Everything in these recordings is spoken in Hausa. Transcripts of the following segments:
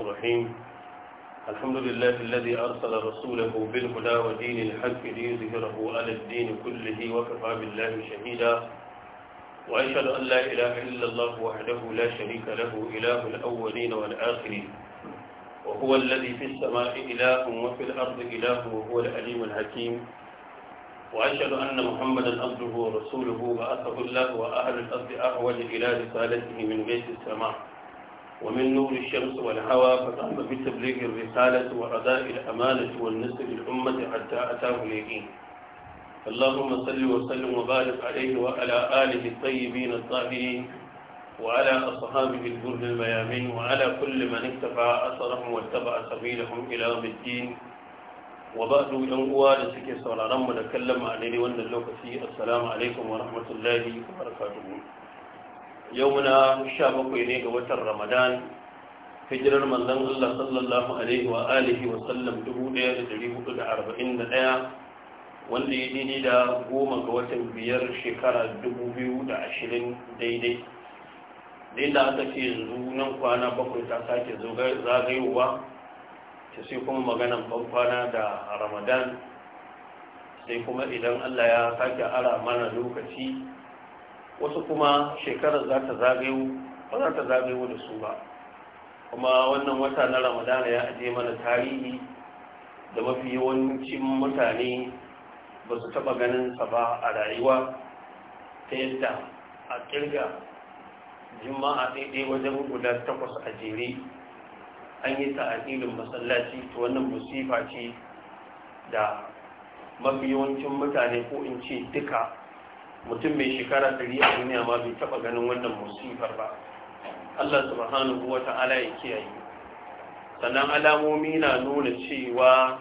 الرحيم الحمد لله الذي أرسل رسوله بالهدى ودين الحق ليظهره على الدين كله وكفى بالله شهيدا وأشهد أن لا إله إلا الله وحده لا شريك له إله الأولين والآخرين وهو الذي في السماء إله وفي الأرض إله وهو العليم الحكيم وأشهد أن محمدا عبده ورسوله بعثه الله وأهل الأرض أعوج إلى رسالته من بيت السماء ومن نور الشمس والهوى فتعب بتبليغ الرسالة وأداء الأمانة والنسل للأمة حتى أتاه اليقين اللهم صل وسلم وبارك عليه وعلى آله الطيبين الطاهرين وعلى أصحابه الجر الميامين وعلى كل من اكتفى أثرهم واتبع سبيلهم إلى يوم الدين وبعد يوم أواد سكي صلى الله عليه وسلم عن السلام عليكم ورحمة الله وبركاته yau na sha bakwai ne ga watan ramadan hijirar manzan Allah sallallahu alaihi wa alihi wa sallam 1441 wanda ya dini da goma ga watan biyar shekara 2020 daidai dai da aka ce yanzu nan kwana bakwai ta sake zagayowa ta sai kuma maganan kwana da ramadan sai kuma idan Allah ya sake ara mana lokaci wasu kuma shekarar za ta zagayo ba za ta zagayo da su ba kuma wannan wata na ramadana ya aje mana tarihi da mafi yawancin mutane ba su taba ganin sa ba a rayuwa ta yadda a kirga jima'a daidai wajen guda takwas a jere an yi ta masallaci ta wannan musifa ce da mafi yawancin mutane ko in ce duka mutum mai shekara ɗari a duniya ma bai taɓa ganin wannan musifar ba Allah subhanahu wa ta'ala ya kiyaye sannan alamomi na nuna cewa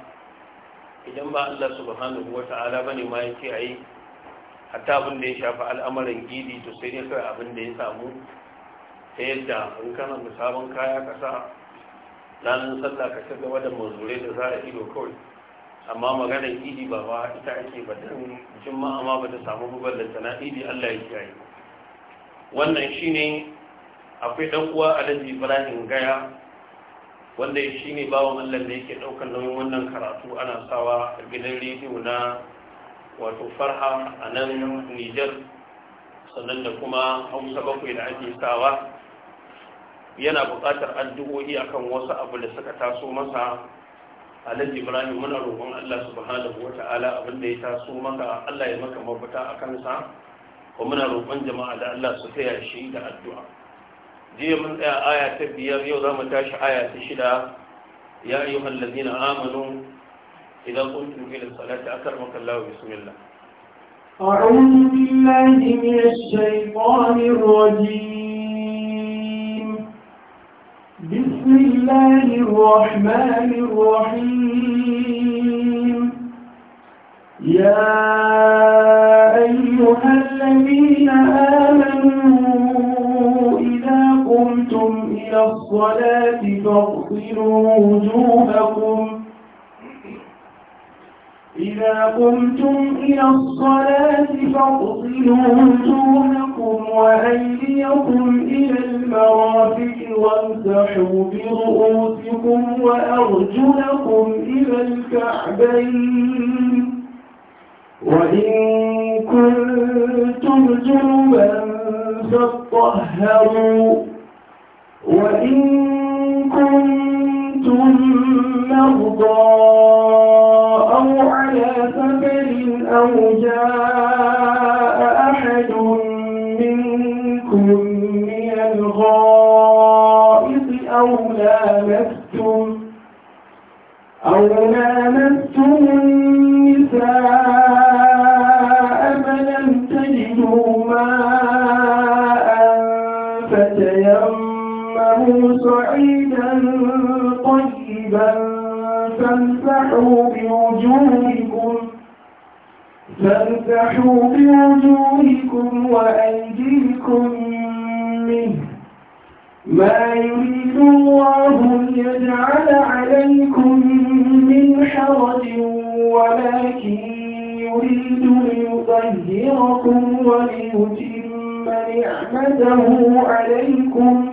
idan ba Allah subhanahu wa ta'ala ne ma ya kiyaye hatta abin da ya shafi al'amarin gidi to sai dai kawai abin da ya samu ta yadda in kana da sabon kaya ka sa ranar sallah ka ci gaba da manzurai da za a ido kawai amma maganar idi ba ba ita ake ba don juma'a ma ba ta samu da da idi allah ya kiyaye wannan shine akwai dan uwa alhaji ibrahim gaya wanda shi ne bawan allah da yake ɗaukar nauyin wannan karatu ana sawa a gidan rediyo na wato farha a nan niger sannan da kuma hausa bakwai da ake sawa yana buƙatar addu'o'i akan wasu abu da suka taso masa alhaji ibrahim muna roƙon allah subhanahu wa ta'ala abin ya taso maka allah ya maka mafita a kansa ko muna roƙon jama'a da allah su taya shi da addu'a jiya mun tsaya aya ta biyar yau za mu tashi aya ta shida ya yi hallazi na amanu idan kuntum ila salati akarmaka allah bismillah أعوذ بالله من الشيطان الرجيم بسم الله الرحمن الرحيم يا أيها الذين آمنوا إذا قمتم إلى الصلاة فاغسلوا وجوهكم إذا قمتم إلى الصلاة فاغسلوا وجوهكم وأيديكم إلى المرافق وامسحوا برؤوسكم وأرجلكم إلى الكعبين وإن كنتم جنبا فاطهروا وإن كنتم مرضى أو على سفر أو جاء أحد منكم من الغائط أو لامستم أو لامستم النساء فلم تجدوا ماء فتيمموا صعيدا طيبا فامسحوا بوجوهكم بوجوهكم وأيديكم منه ما يريد الله ليجعل عليكم من حرج ولكن يريد ليطهركم وليتم نعمته عليكم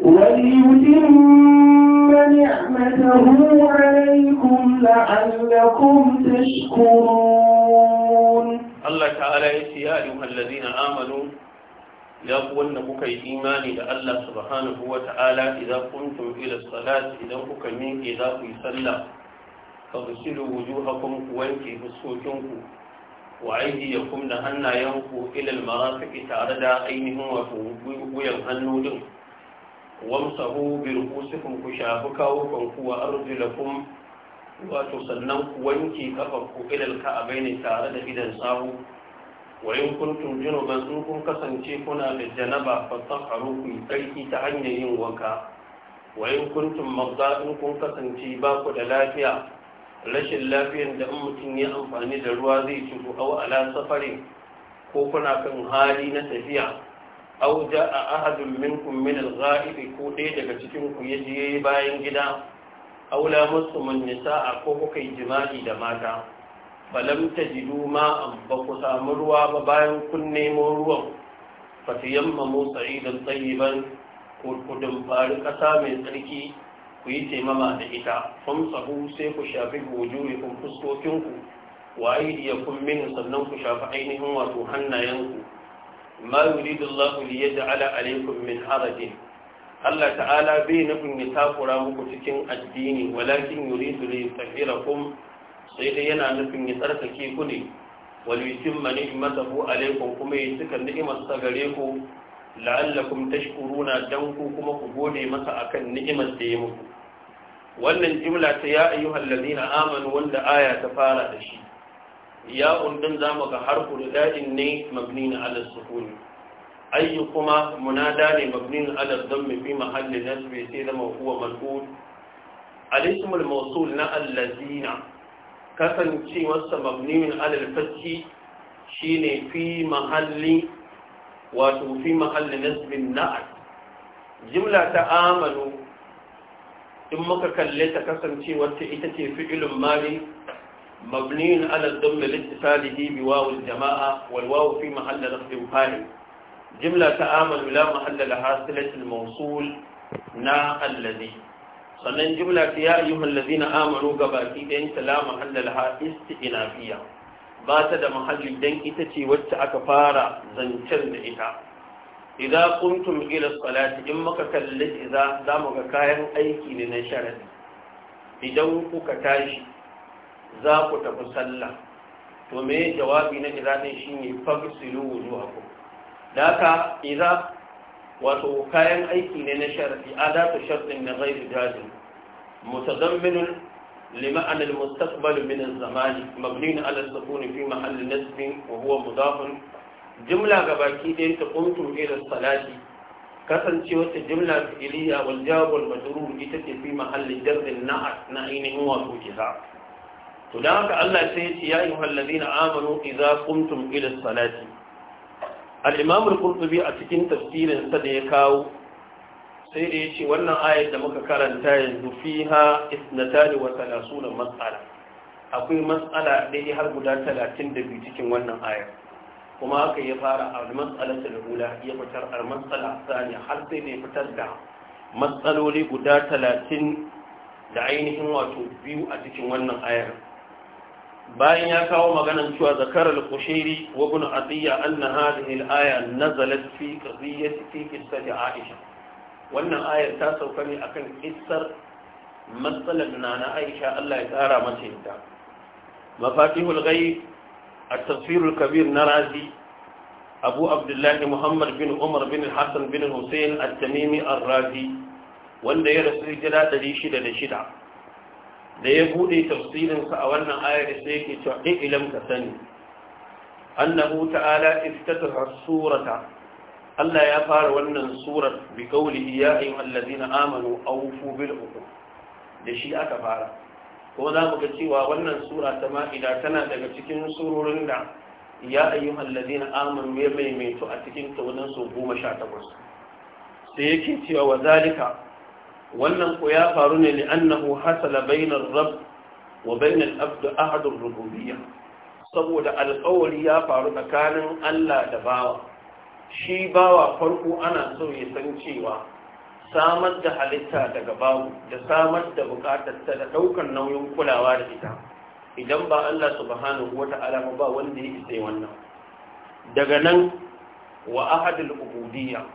وليتم نعمته عليكم لعلكم تشكرون الله تعالى يا أيها الذين آمنوا يا قولنا بك إلى الله سبحانه وتعالى إذا قمتم إلى الصلاة إذا قمين إذا يصلى فاغسلوا وجوهكم وانكي وعيدي وأيديكم لهنا ينقو إلى المرافق تعرض عينهم وفوقوا ينهنوا لهم wamsahu bi rukusikum ku shafi kawukan ku wa wato sannan ku wanke kafar ku ilal ne tare da idan sahu wa in kuntum junuban in kun kasance kuna da janaba fa taharu ku tsarki ta hanyar yin wanka wa in kuntum in kun kasance ba ku da lafiya rashin lafiyar da in mutum ya amfani da ruwa zai ci ku au ala safarin ko kuna kan hali na tafiya aw jaa ahadun minkum min al-ghaib ko dai daga cikin ku yaje yayi bayan gida aw la musumun nisaa ko kuka jima'i da mata falam tajidu ma ba ku samu ruwa ba bayan kun nemo ruwan fatiyammamu sa'idan tayyiban ku kudin fari kasa mai tsarki ku yi taimama da ita famsahu sai ku shafi wujuhikum fuskokinku wa aydiyakum min sannan ku shafi ainihin wato hannayenku ma yuridu Allah li yaj'ala alaykum min harajin Allah ta'ala bai nufin ya takura muku cikin addini walakin yuridu li yutahhirakum sai dai yana nufin ya tsarkake ku ne wal yutimma ni'matahu alaykum kuma ya cika ni'imar sa gare ku la'allakum tashkuruna dan ku kuma ku gode masa akan ni'imar da ya muku wannan jimla ta ya ayyuhal ladina amanu wanda aya ta fara da shi ya undin zamu ga harfu da'in ne mabni ala sukun ay kuma munada ne mabni ala dhamm fi mahalli nasb sai da huwa maf'ul al-ism al mausul na allazina kasancewarsa mabni ala al-fathi shine fi mahalli wato fi mahalli nasbin na'at jimla ta amanu in muka kalle ta kasancewar ita ce fi'ilun mari. مبني على الضم لاتصاله بواو الجماعة والواو في محل رفع فاعل جملة تآمل لا محل لها صلة الموصول نا الذي sannan jimla ta ya ayyuhal ladina amanu gabaki ɗayan ta la mahalla laha isti'nafiya ba ta da mahalli dan ita ce wacce aka fara zancen da ita idan kuntum ila salati in muka kalli idza za mu ga kayan aiki ne na sharadi idan kuka tashi za ku tafi sallah to me jawabi na izanin shi ne fagisilu zuwa ku da aka iza wato kayan aiki ne na sharfi adatu sharfin na zai jajin musadamminin lima'an al-mustaqbalu min az-zamani mabniin 'ala al-sukun fi mahall nasb wa huwa mudaf jumla gabaki din ta kuntu ila salati Kasancewata wata jumla fi'liya wal jawab wal majrur ita ke fi mahall na na'at na'in huwa tujiza to dan haka Allah sai ya ce ya ayyuhal ladina amanu idza qumtum ila salati al-imam al a cikin tafsirinsa da ya kawo sai da ya ce wannan ayar da muka karanta yanzu fiha wata na sunan matsala akwai matsala ɗaya har guda talatin da biyu cikin wannan ayar kuma haka ya fara a matsalatul hula ya fitar a matsala sani har sai da ya fitar da matsaloli guda talatin da ainihin wato biyu a cikin wannan ayar bayan ya kawo maganan cewa zakarar kushiri wa bin Annahada anna na al-aya nazalat fi fi aisha wannan ayar ta sauka ne akan kissar matsalar nana aisha Allah ya tsara mace yadda mafatihul Hulgai a tafsir kabir na razi abu abdullahi muhammad bin umar bin hassan bin hussein at-tamimi ar-razi wanda ya rasu hijira 606 da ya buɗe tafsirinsa a wannan ayar sai yake cewa in eh, ilam ka sani annahu ta'ala iftataha surata Allah ya fara wannan surar bi qawlihi ya ayyuhallazina amanu awfu bil uqud da shi aka fara kuma za mu ga cewa wannan sura ta ma'ida tana daga cikin surorin da ya ayyuhallazina amanu ya maimaito a cikin taunin su 18 sai yake cewa wa zalika wannan ku ya faru ne li annahu hasala bainar Rab wa bainar abd ahad saboda alƙawari ya faru tsakanin Allah da bawa shi bawa farko ana so ya san cewa samar da halitta daga babu da samar da ta da ɗaukar nauyin kulawa da ita idan ba Allah subhanahu wata'ala ba wanda ya isa wannan daga nan wa ahadul ubudiyya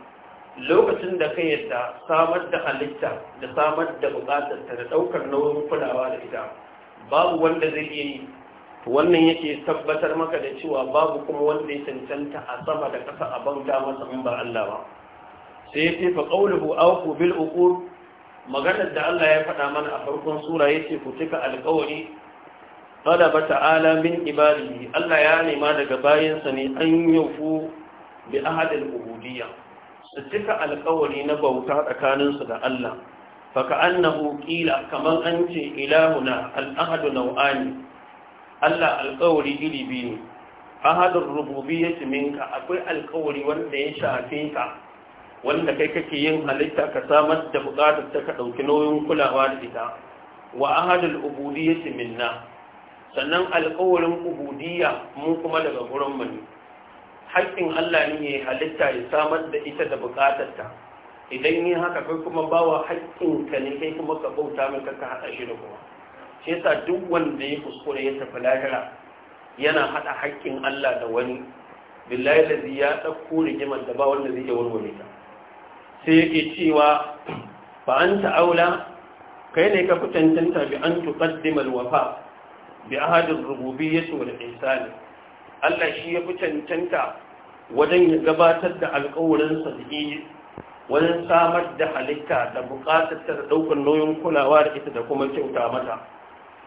lokacin da ka yadda samar da halitta da samar da bukatarta da daukar nauyin kulawa da ita babu wanda zai iya yi wannan yake tabbatar maka da cewa babu kuma wanda ya cancanta a sama da kasa a bauta masa in ba Allah ba sai ya ce fa qawluhu awqu bil uqur maganar da Allah ya faɗa mana a farkon sura yace ku cika alƙawari ba ta'ala min ibadihi Allah ya nema daga bayinsa ne an yufu bi ahadil ubudiyya su cika alkawari na bauta tsakaninsu da Allah faka annahu qila kaman an ce ilahuna al-ahadu nau'ani Allah alkawari iri biyu ne ahadun rububiyyati minka akwai alkawari wanda ya shafe ka wanda kai kake yin halitta ka samar da bukatar ta ka dauki nauyin kulawa da ita wa ahadul ubudiyyati minna sannan alkawarin ubudiyya mu kuma daga gurin mu ne haƙƙin Allah ne ya halitta ya samar da ita da buƙatarta idan yi haka kai kuma bawa haƙƙin ka ne kai kuma ka bauta min ka ka haɗa shi da kuma shi yasa duk wanda ya kuskure ya tafi lahira yana haɗa haƙƙin Allah da wani billahi lazi ya ɗauko rigimar da ba wanda zai iya warware ta sai yake cewa fa an ta'aula kai ne ka fi tantanta bi an tuqaddima wafa bi ahadi ar-rububiyyah wal Allah shi ya fi cancanta wajen ya gabatar da alkawarinsa da yi wajen samar da halitta da buƙatar ta da ɗaukar nauyin kulawa da ita da kuma kyauta mata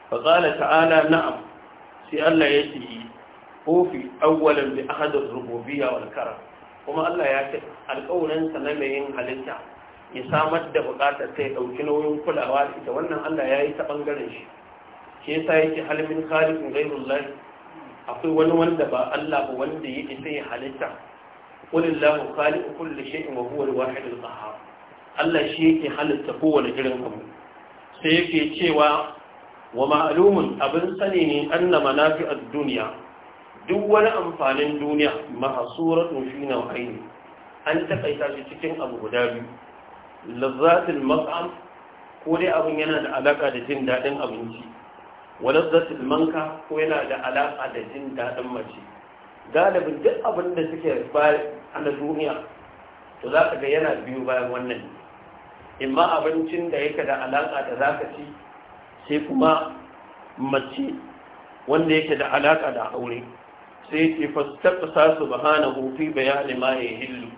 faƙala ta'ala na'am sai Allah ya ce kofi awwalan bi ahadar rububiyya wal karam kuma Allah ya ce alkawarinsa na mai yin halitta ya samar da buƙatar ta ya ɗauki nauyin kulawa da ita wannan Allah ya yi ta ɓangaren shi shi yasa yake halimin khaliqin ghairullahi akwai wani wanda ba Allah ba wanda ya isa ya halitta qulil lahu khaliqu kulli shay'in in huwa al-wahid al Allah shi yake halitta kowane irin abu sai yake cewa wa ma'lumun abin sani ne anna a duniya. duk wani amfanin duniya mahsuratun fi ne. an taƙaita shi cikin abu guda biyu lazzatin mat'am ko dai abin yana da alaka da jin daɗin abinci walazzatul manka ko yana da alaƙa da jin daɗin mace galibin duk abin da suke bayan na duniya to za ka ga yana biyu bayan wannan imma abincin da yake da alaƙa da za ka ci sai kuma mace wanda yake da alaƙa da aure sai ce ba subhanahu fi bayani ma hillu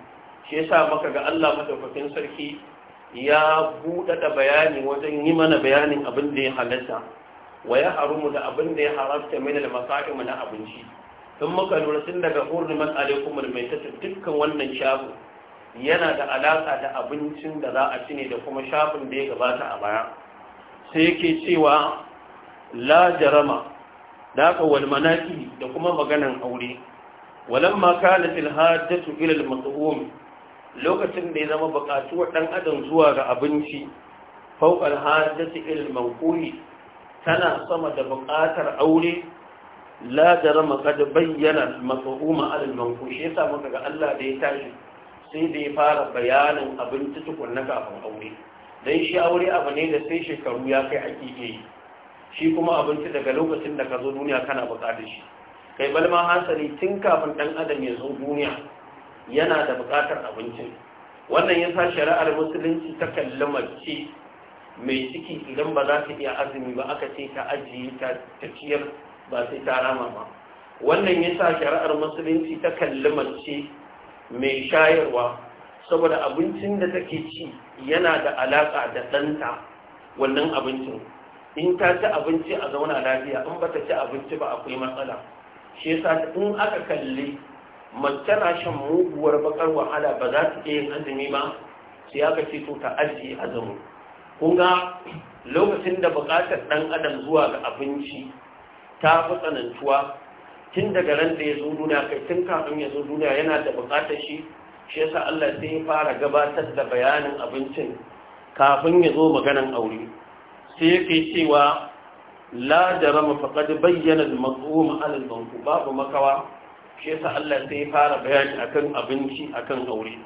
shi yasa maka ga Allah madafafin sarki ya buɗaɗa bayani wajen yi mana bayanin abin da ya halatta wa ya harumu da abin da ya haramta min al na abinci tun muka lura sun daga hurrimat alaikum al-maitatu dukkan wannan shafu yana da alaƙa da abincin da za a ci ne da kuma shafin da ya gabata a baya sai yake cewa la jarama da ka manaki da kuma maganan aure walamma kanat al-hajjatu ila al-mat'um lokacin da ya zama bukatuwar dan adam zuwa ga abinci fawqa al-hajjati ila al-manquli tana sama da buƙatar aure la jarama kad bayyana mafhuma alal manqush yasa muka ga Allah da ya tashi sai da ya fara bayanin abin tukun na kafin aure Don shi aure abu ne da sai shekaru ya kai ake yi shi kuma abinci daga lokacin da ka zo duniya kana buƙatar shi kai balma hasali tun kafin ɗan adam ya zo duniya yana da buƙatar abincin wannan ya sa shari'ar musulunci ta kalli mace mai ciki idan ba za ta iya azumi ba aka ce ta ajiye ta tafiyar ba sai ta rama ba wannan ya sa shari'ar musulunci ta kalli mace mai shayarwa saboda abincin da take ci yana da alaƙa da ɗanta wannan abincin in ta ci abinci a zauna lafiya in ba ta ci abinci ba akwai matsala shi yasa in aka kalli mace na shan muguwar bakar wahala ba za ta iya yin azumi ba sai aka ce to ta ajiye azumi Kunga lokacin da buƙatar ɗan adam zuwa ga abinci ta fi tsanantuwa tun daga ran da ya zo duniya kai tun kafin ya zo duniya yana da buƙatar shi shi yasa Allah sai ya fara gabatar da bayanin abincin kafin ya zo maganan aure sai yake cewa la jarama faqad bayyana al-maqum ala al babu makawa shi yasa Allah sai ya fara bayani akan abinci akan aure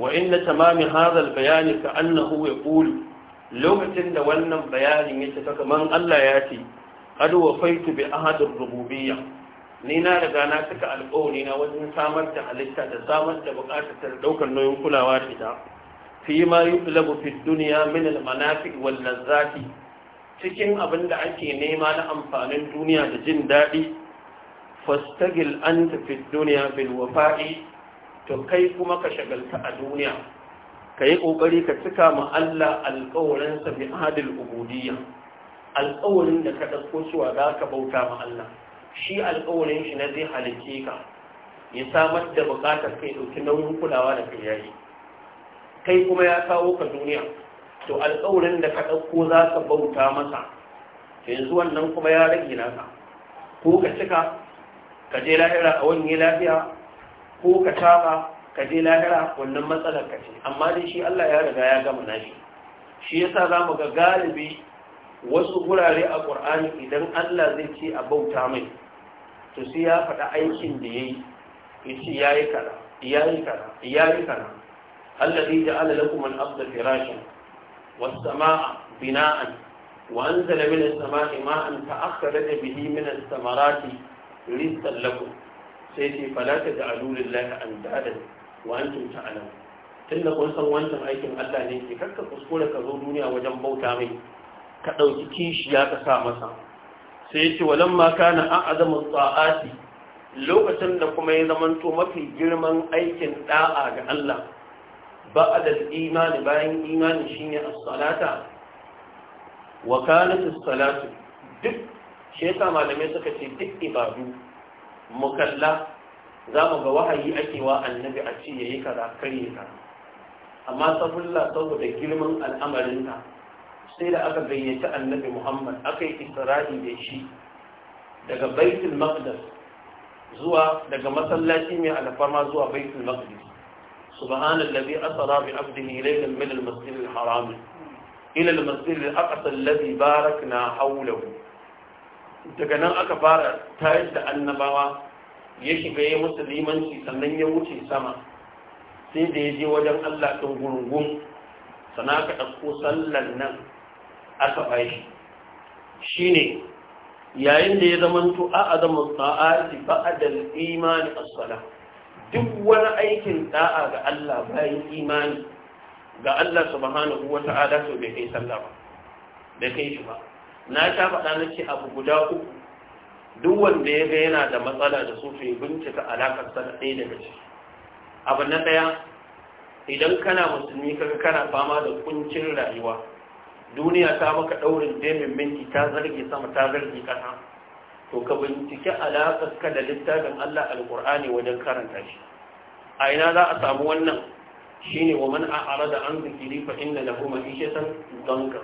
wa inna tamami hadha al-bayan ka annahu yaqulu lokacin da wannan bayanin ya tafi kamar Allah ya ce qad wafaitu bi ahadir rububiyya ni na riga na cika alƙawari na wajen samar da halitta da samar da buƙatar ta daukar nauyin kulawa da ita fi ma yutlabu fi dunya min al manafi wal lazzati cikin abin da ake nema na amfanin duniya da jin daɗi fastagil anta fi dunya bil wafa'i to kai kuma ka shagalta a duniya ka yi ƙoƙari ka cika ma Allah alƙawarinsa bi adil ubudiyya alƙawarin da ka ɗauko cewa za ka bauta ma Allah shi alƙawarin shi na zai halice ka ya samar da buƙatar kai ɗauki nauyin kulawa da kai yayi kai kuma ya kawo ka duniya to alƙawarin da ka ɗauko za ka bauta masa yanzu wannan kuma ya rage ka. ko ka cika ka je lahira a wani lafiya ko ka taɓa ka je lahira wannan matsalar ka ce amma dai shi Allah ya riga ya gama nashi shi yasa za mu ga galibi wasu gurare a ƙur'ani idan Allah zai ce a bauta mai to sai ya faɗa aikin da ya yi ya ce ya yi kara, ya yi kara, ya yi kana Allah zai ja ala lakum al-abda firashin was samaa bina'an wa anzala min as-samaa'i ma'an fa'akhraja bihi min samarati rizqan lakum sai ce fala taj'alu lillahi andadan wa antum tunda kun san wancan aikin Allah ne ke karka kuskure ka zo duniya wajen bauta mai ka ɗauki kishiya ka sa masa sai yace walamma kana a'zamu ta'ati lokacin da kuma ya zamanto mafi girman aikin ɗa'a ga Allah بعد الإيمان باين إيمان شيني الصلاة وكانت الصلاة دك شيطا ما لم يسكتي دك Mu kalla. za mu ga wahayi ake wa annabi a ce ya yi kaza kar yi kaza amma sabulla saboda girman al'amarinta sai da aka gayyaci annabi muhammad aka yi isra'i da shi daga baitul maqdis zuwa daga masallaci mai alfarma zuwa baitul maqdis subhanallazi asra bi abdihi laylan min al-masjid al-haram ila al-masjid al-aqsa alladhi barakna hawlahu daga nan aka fara tayar da annabawa ya shiga ya musu limanci sannan ya wuce sama sai da ya je wajen Allah ɗin gungun sana ka ɗauko sallan nan aka bai shi ne yayin da ya zamanto a azamin sa'ati ba'adal imani as-sala duk wani aikin da'a ga Allah bayan imani ga Allah subhanahu wa ta'ala to bai kai sallah ba bai kai shi ba na ta faɗa na ce abu guda uku duk wanda ya ga yana da matsala da sufi bincika alakar sa da ɗaya daga ciki abu na ɗaya idan kana musulmi kaga kana fama da kuncin rayuwa duniya ta maka ɗaurin jemin minti ta zargi sama ta zargi ƙasa to ka binciki alaƙar ka da littafin Allah alƙur'ani wajen karanta shi a ina za a samu wannan shine wa man da an zikiri fa inna lahu ma'ishatan danka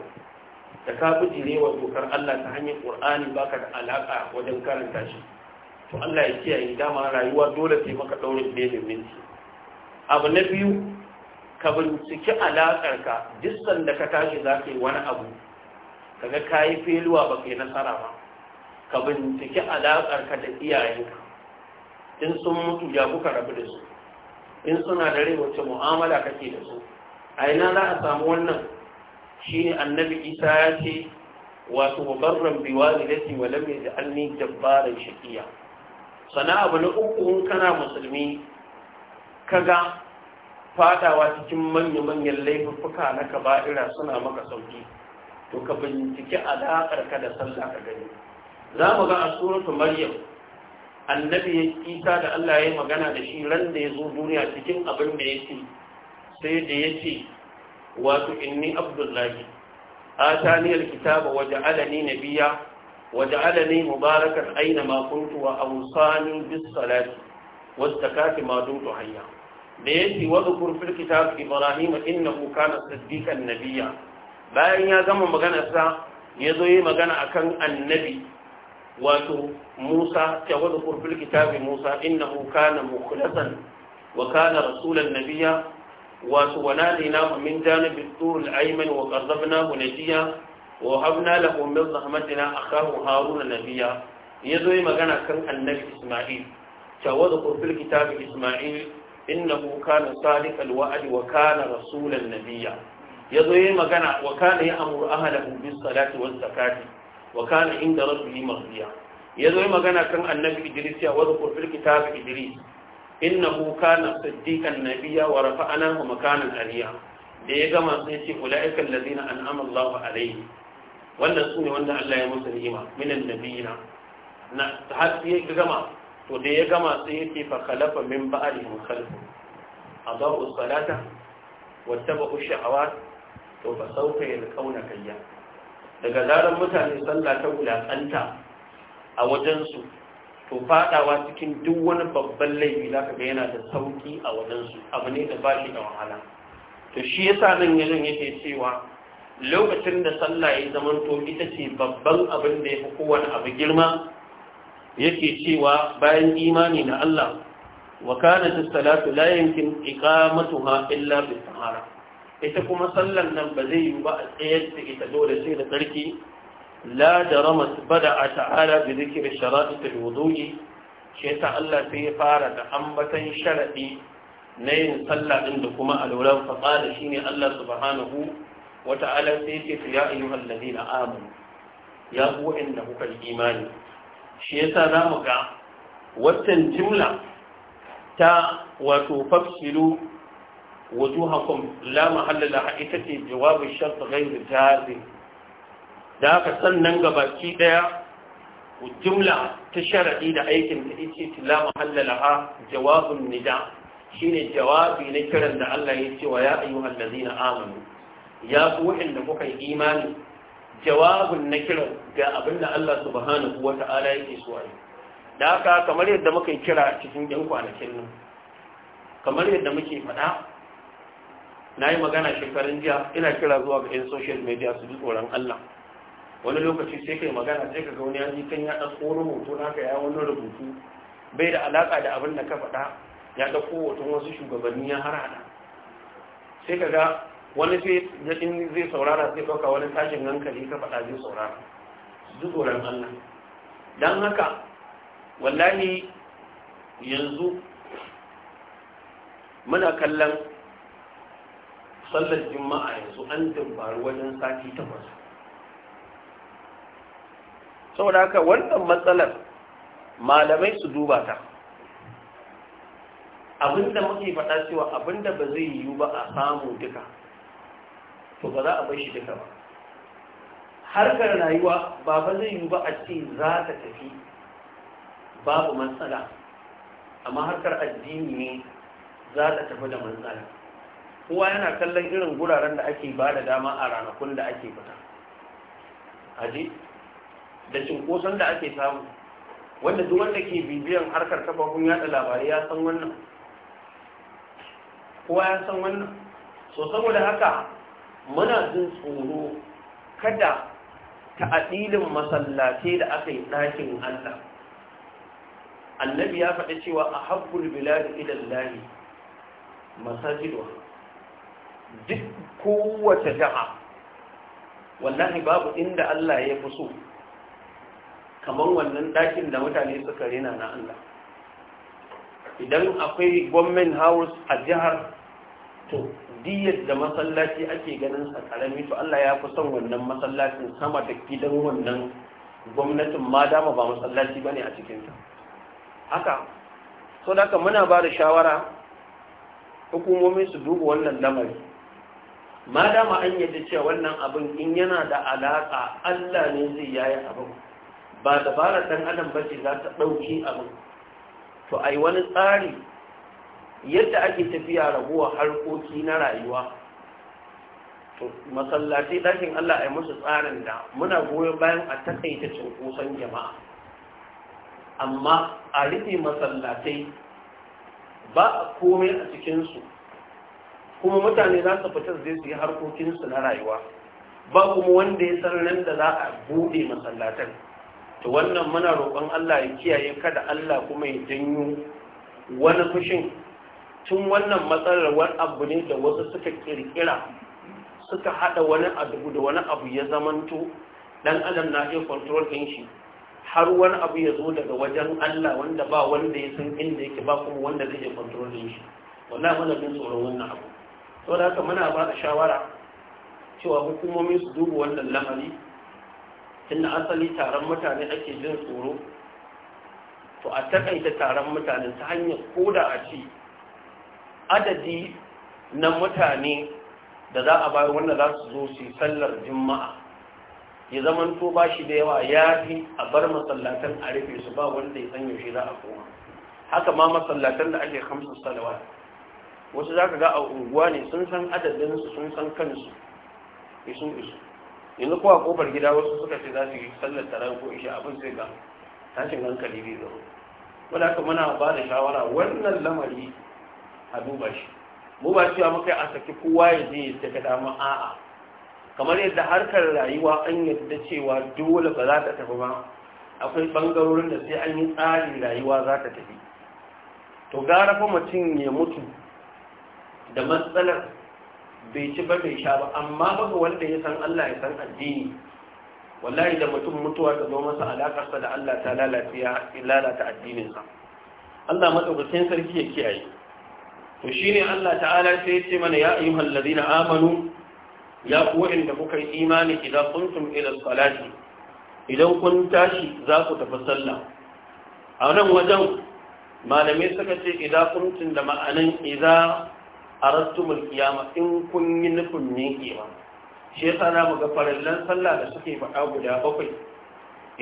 da ka bijire wa dokar Allah ta hanyar Qur'ani baka da alaka wajen karanta shi to Allah ya kiyaye dama rayuwa dole sai maka daure da minti abu na biyu ka binciki alakar ka duk da ka tashi za ka yi wani abu kaga kayi feluwa ba kai nasara ba ka binciki alakar ka da iyayenka in sun mutu ya kuka rabu da su in suna da rai wacce mu'amala kake da su a ina za a samu wannan shine annabi isa ya ce wato barran bi walidati wa lam yaj'alni jabbaran shaqiya sana abu na uku in kana musulmi kaga fadawa cikin manya manyan laifuffuka na kaba'ira suna maka sauki to ka binciki alaƙar ka da sallah ka gani za mu ga a suratu maryam annabi isa da Allah ya yi magana da shi ran da ya zo duniya cikin abin da ya sai da ya ce wato inni abdullahi kitaba alkitaba waja'alani nabiyya waja'alani mubarakan aina ma kuntu wa awsani bis salati was zakati ma dumtu hayya da yake wa dhukur kitab ibrahim innahu kana siddiqan nabiyya bayan ya gama magana sa zo yi magana akan annabi wato Musa ta wadu kurfin kitabi Musa innahu kana mukhlasan wa kana rasulan nabiya wasu wa nadinahu min janibi turul aymani wa qarrabnahu najiya wa habna lahu min rahmatina akahu haruna nabiyya yazo yi magana kan annabi isma'il tawadu qurfil kitabi isma'il innahu kana sadiqal wa'd wa kana rasulan nabiyya yazo yi magana wa kana ya'muru ahlahu bis salati wal zakati wa kana inda rabbihi maghdiya yazo yi magana kan annabi idris tawadu qurfil kitabi idris innahu kana siddiqan nabiyya wa rafa'nahu makanan aliyya da ya gama sai ce ulaika allazina an'ama Allahu alaihim wannan su ne wanda Allah ya musu ni'ima minan nabiyina na har sai ya gama to da ya gama sai ya ce fa khalafa min ba'dihim khalfu adaa'u salata wattaba'u shahawat to fa sawfa yalqawna kayya daga zaran mutane sallah ta wulakanta a wajen su to fadawa cikin duk wani babban laifi za ka ga yana da sauki a wajensu abu ne da ba shi da wahala to shi yasa nan yanzu yake cewa lokacin da sallah ya zamanto ita ce babban abin da ya fi kowane abu girma yake cewa bayan imani na Allah wa kana salatu la yumkin iqamatuha illa bis sahara ita kuma sallan nan ba zai yi ba a tsayar da ita dole sai da tsarki la da rama bada a da zikirin sharaɗi ta wudu'i shi ta Allah sai ya fara da ambatan sharaɗi na yin sallah din da kuma alwuran faƙada shi ne Allah subhanahu wa ta'ala sai ya ce ya ayyuhan ladina amanu ya ku inda kuka yi imani Shiyasa za mu ga watan jimla ta wato fafsilu wujuhakum la mahalla a ita ce jawabin shart ghairu da aka sannan gabaki daya jumla ta sharadi da aikin da yake mahallala ha jawabun nida shine jawabi na kiran da Allah ya ce wa ya ayyuhal ladina amanu ya ku da kuka yi imani jawabun na kiran ga abinda Allah subhanahu wata'ala yake so ai da haka kamar yadda muka kira cikin yan kwanakin nan kamar yadda muke faɗa na yi magana shekarun jiya ina kira zuwa ga 'yan social media su ji tsoron Allah wani lokaci sai kai magana sai ka ga wani yanzu kan ya ɗauko rubutu naka ya wani rubutu bai da alaƙa da abin da ka faɗa ya ɗauko hoton wasu shugabanni ya harada sai ka ga wani sai in zai saurara sai ɗauka wani tashin hankali ka faɗa zai saurara duk wurin Allah don haka wallahi yanzu muna kallon sallar juma'a yanzu an dabbaru wajen sati takwas saboda haka wannan matsalar malamai su duba ta abinda muke faɗa cewa abinda ba zai yiwu ba a samu duka to ba za a bai shi duka ba harkar rayuwa ba ba zai yiwu ba a ce za ta tafi babu matsala amma harkar addini ne za ta tafi da matsala kowa yana kallon irin guraren da ake ba da dama a ranakun da ake fita aji da cinkoson da ake samu wanda duk wanda ke bibiyan harkar kafafun yada labarai ya san wannan kowa ya san wannan so saboda haka muna jin tsoro kada ta adilin masallatai da aka yi ɗakin Allah annabi ya faɗi cewa a haƙƙul biladi idan lahi masajidwa duk kowace ja'a wallahi babu inda Allah ya fi so kamar wannan dakin da mutane suka rena na Allah idan akwai gwamnan house a jihar to diyar da masallaci ake ganin sa karami to Allah ya fi son wannan masallacin sama da gidan wannan gwamnatin ma dama ba masallaci bane a cikin haka so da haka muna ba da shawara hukumomi su duba wannan lamari ma dama an yadda cewa wannan abin in yana da alaka Allah ne zai yayi abin ba dabarar ɗan adam ba ce za ta ɗauki abin to a yi wani tsari yadda ake tafiya raguwa harkoki na rayuwa masallaci ɗakin Allah a yi musu tsarin da muna goyon bayan a takaita cunkoson jama'a amma a rufe masallatai ba a komai a cikinsu kuma mutane za su fitar zai su yi harkokinsu na rayuwa ba kuma wanda ya san nan da za a buɗe masallatan to wannan muna roƙon Allah ya kiyaye kada Allah kuma ya janyo wani fushin tun wannan matsalar wani abu ne da wasu suka kirkira suka hada wani abu da wani abu ya zamanto dan adam na iya control din shi har wani abu ya zo daga wajen Allah wanda ba wanda ya san inda yake ba kuma wanda zai iya control din shi wallahi muna bin tsoron wannan abu saboda haka muna ba da shawara cewa hukumomi su duba wannan lamari tunda asali taron mutane ake jin tsoro to a takaita taron mutane ta hanyar koda a ce adadi na mutane da za a bayar wanda za su zo su sallar juma'a ya zaman to ba shi da yawa ya fi a bar masallatan a rufe su ba wanda ya san yaushe za a koma haka ma masallatan da ake kamsa salawa wasu za ka ga a unguwa ne sun san adadinsu sun san kansu isu isu yanzu kuwa a kofar gida wasu suka ce za su yi sallar taron ko isha abin sai ga tashin hankali bai zama wadda aka mana ba da shawara wannan lamari a duba shi mu ba cewa muka a saki kowa ya je ya saka dama a'a kamar yadda harkar rayuwa an yadda cewa dole ba za ta tafi ba akwai bangarorin da sai an yi tsari rayuwa za ta tafi to gara fa mutum ya mutu da matsalar bai ci ba bai sha ba amma baka wanda ya san Allah ya san addini wallahi da mutum mutuwa ta zo masa sa da Allah ta lalata sa Allah madaukakin sarki ya kiyaye to shine Allah ta'ala sai ya ce mana ya ayyuhal ladina amanu ya ku wa'anda kuka yi imani idan kuntum ila salati idan kun tashi za ku tafi sallah a nan wajen malamai suka ce idan kuntum da ma'anan idan arastumul kiyama in kun yi nufin yin kiyama shi yasa sa ga farallan sallah da suke faɗa guda bakwai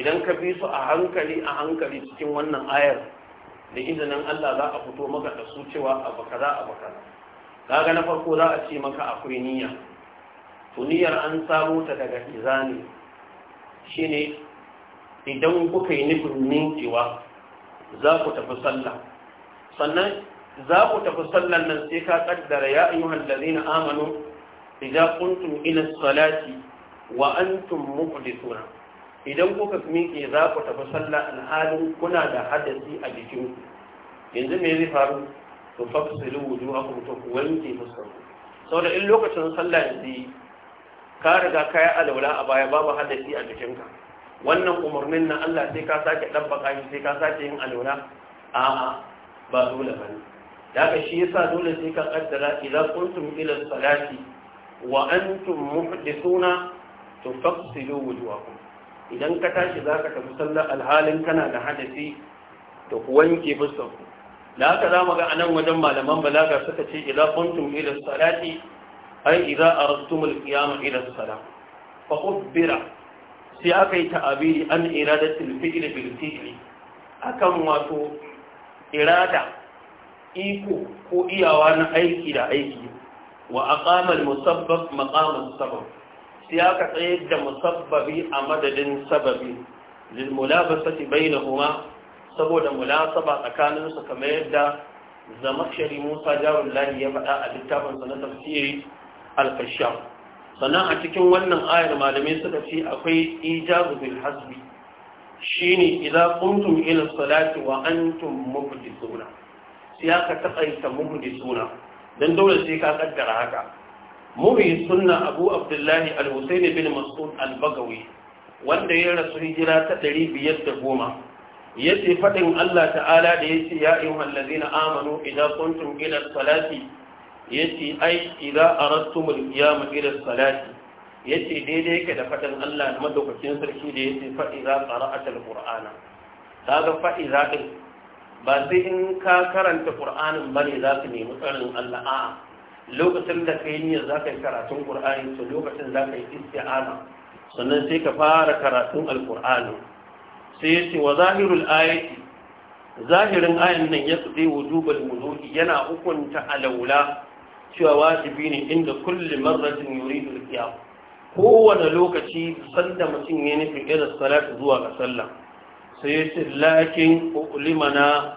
idan ka bi su a hankali a hankali cikin wannan ayar da izinin Allah za a fito maka da su cewa abu kaza abu kaga na farko za a ce maka akwai niyya to niyyar an samu ta daga izani shine idan kuka yi nufin ninkewa za ku tafi sallah sannan za ku tafi sallan nan sai ka kaddara ya ayyuhal ladina amanu idza kuntum ila salati wa antum muqdisuna idan kuka miƙe za ku tafi sallah alhalin kuna da hadasi a jikinku yanzu me zai faru to fafsilu wujuhakum to ku wanke Sau da in lokacin sallah yanzu ka riga ka yi alwala a baya babu hadasi a jikinka wannan umarnin na Allah sai ka sake dabbaka shi sai ka sake yin alwala a'a ba dole bane daga shi yasa dole sai ka kaddara idan kuntum ila salati wa antum muhdithuna tufassilu wujuhakum idan ka tashi zaka tafi sallar alhalin kana da hadisi to ku wanke fuskarku da haka zamu ga anan wajen malaman balaga suka ce idza kuntum ila salati ay idza aradtum al-qiyam ila salat fa ubbira sai aka yi ta'abiri an iradatul fi'li bil fi'li akan wato irada iko ko iyawa na aiki da aiki wa aqamal musabbab maqamal sabab sai aka tsayar da musabbabi a madadin sababi lil mulabasati bainahuma saboda mulasaba tsakanin su kamar yadda zamakshari Musa Jarullahi ya faɗa a littafin sa na tafsiri al sannan a cikin wannan ayar malamai suka ce akwai ijazu bil hasbi shine idza qumtum ila salati wa antum suna. ya ka taƙaita muhdi suna don dole sai ka kaddara haka muhdi suna abu abdullahi al-husayn bin mas'ud al-bagawi wanda ya rasu hijira ta ɗari biyar da goma ya ce faɗin Allah ta'ala da ya ce ya yi wallazi na amanu idan kuntum gidan salati ya ce ai idan rastu mulkiya ma gidan salati ya ce daidai ka da faɗin Allah da madaukakin sarki da ya ce fa'iza ƙara'atar ƙur'ana ta ga fa'iza ɗin ba sai in ka karanta qur'anin bane za ka nemi tsarin Allah a'a lokacin da ka yi niyyar za ka yi karatun ƙur'ani to lokacin za ka yi isti'ana sannan sai ka fara karatun alqur'ani sai ya ce wa zahirul ayati zahirin ayan nan ya tsudi wujubal wudu'i yana hukunta alaula cewa wajibi ne inda kulli marratin yuridu al kowane lokaci sanda mutum ya nufi irin salatu zuwa ga sallah sai ya ce lakin ulimana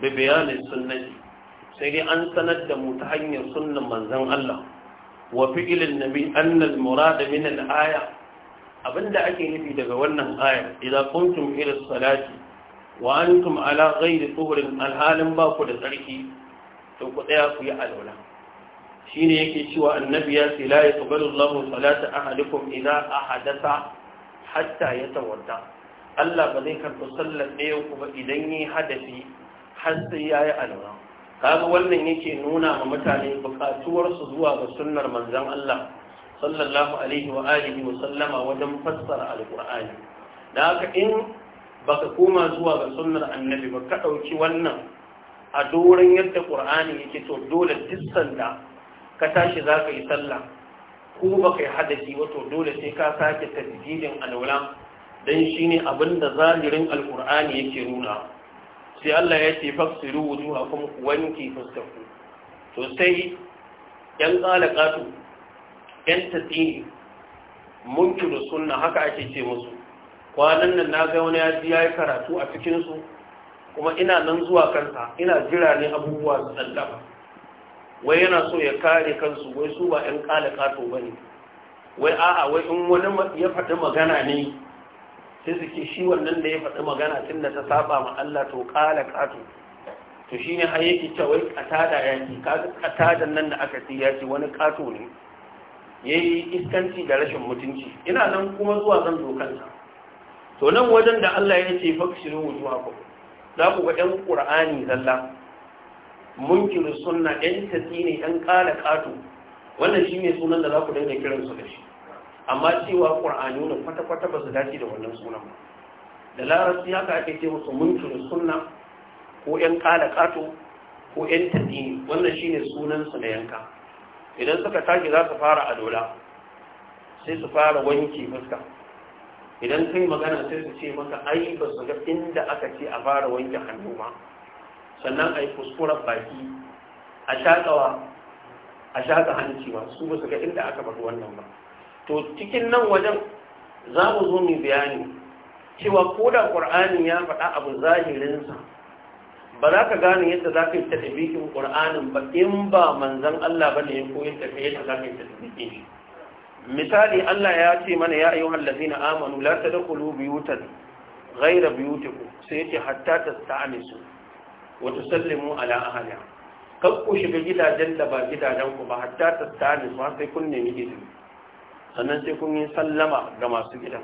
bi bayanin sunnati sai dai an sanar da mu ta hanyar sunnan manzon Allah wa fi'ilin nabi annal murada min al-aya abinda ake nufi daga wannan aya idan kuntum ila salati wa antum ala ghairi tuhurin alhalin ba ku da tsarki to ku tsaya ku yi alwala shine yake cewa annabi ya ce la yaqbalu Allahu salata ahadikum idza ahadatha hatta yatawadda Allah ba zai karɓi sallar ɗaya ku ba idan yi hadafi har sai ya yi Ka kaga wannan yake nuna ma mutane buƙatuwarsu zuwa ga sunnar manzon Allah sallallahu alaihi wa alihi wa sallama wajen fassara alqur'ani da haka in baka koma zuwa ga sunnar annabi ba ka ɗauki wannan a doron yadda ƙur'ani yake to dole dissan da ka tashi za ka yi sallah ko ba ka yi hadasi wato dole sai ka sake tasgidin alwala dan shine abin da zahirin alqur'ani yake nuna sai Allah ya ce faksiru wujuhakum wanki fuskaku to sai yan qalaqatu yan tatini munkiru sunna haka ake ce musu kwanan nan na ga wani ya ji yayi karatu a cikin su kuma ina nan zuwa kansa ina jira ne abubuwa da tsallaba wai yana so ya kare kansu wai su ba yan ba bane wai a'a wai in wani ya faɗi magana ne sai suke shi wannan da ya faɗi magana tun da ta saba ma Allah to ƙala ƙato to shi ne har yake ƙata da yaki kaga da nan da aka siya ce wani ƙato ne ya yi iskanci da rashin mutunci ina nan kuma zuwa zan dokansa to nan wajen da Allah ya ce fakshirin wujuwa ku za ku ga ɗan ƙur'ani zalla munkiru sunna ɗan tatsi ne ɗan ƙala ƙato wannan shi ne sunan da za ku daina kiransu da shi amma cewa qur'ani ne kwata kwata ba su dace da wannan sunan ba da larabci haka ake ce musu munkir sunna ko yan kala kato ko yan tadini wannan shine sunan su na yanka idan suka tashi za su fara adola sai su fara wanki fuska idan kai magana sai su ce maka ai ba su ga inda aka ce a fara wanke hannu ma sannan ai kuskura baki a shakawa a shaƙa hanci ba su ba su ga inda aka bar wannan ba to cikin nan wajen za mu zo mu bayani cewa ko da ƙur'ani ya faɗa abu zahirinsa ba za ka gane yadda za ka yi ta tabikin ƙur'anin ba in ba manzan Allah ba ne ya koyi tafi yadda za ka yi ta tabikin shi misali Allah ya ce mana ya ayyuhal ladina amanu la tadkhulu buyutan ghayra buyutikum sai yace hatta tasta'nisu wa tusallimu ala ahliha kan ku shiga gidajen da ba gidajen ku ba hatta tasta'nisu sai kun nemi izini sannan sai kun yi sallama ga masu gidan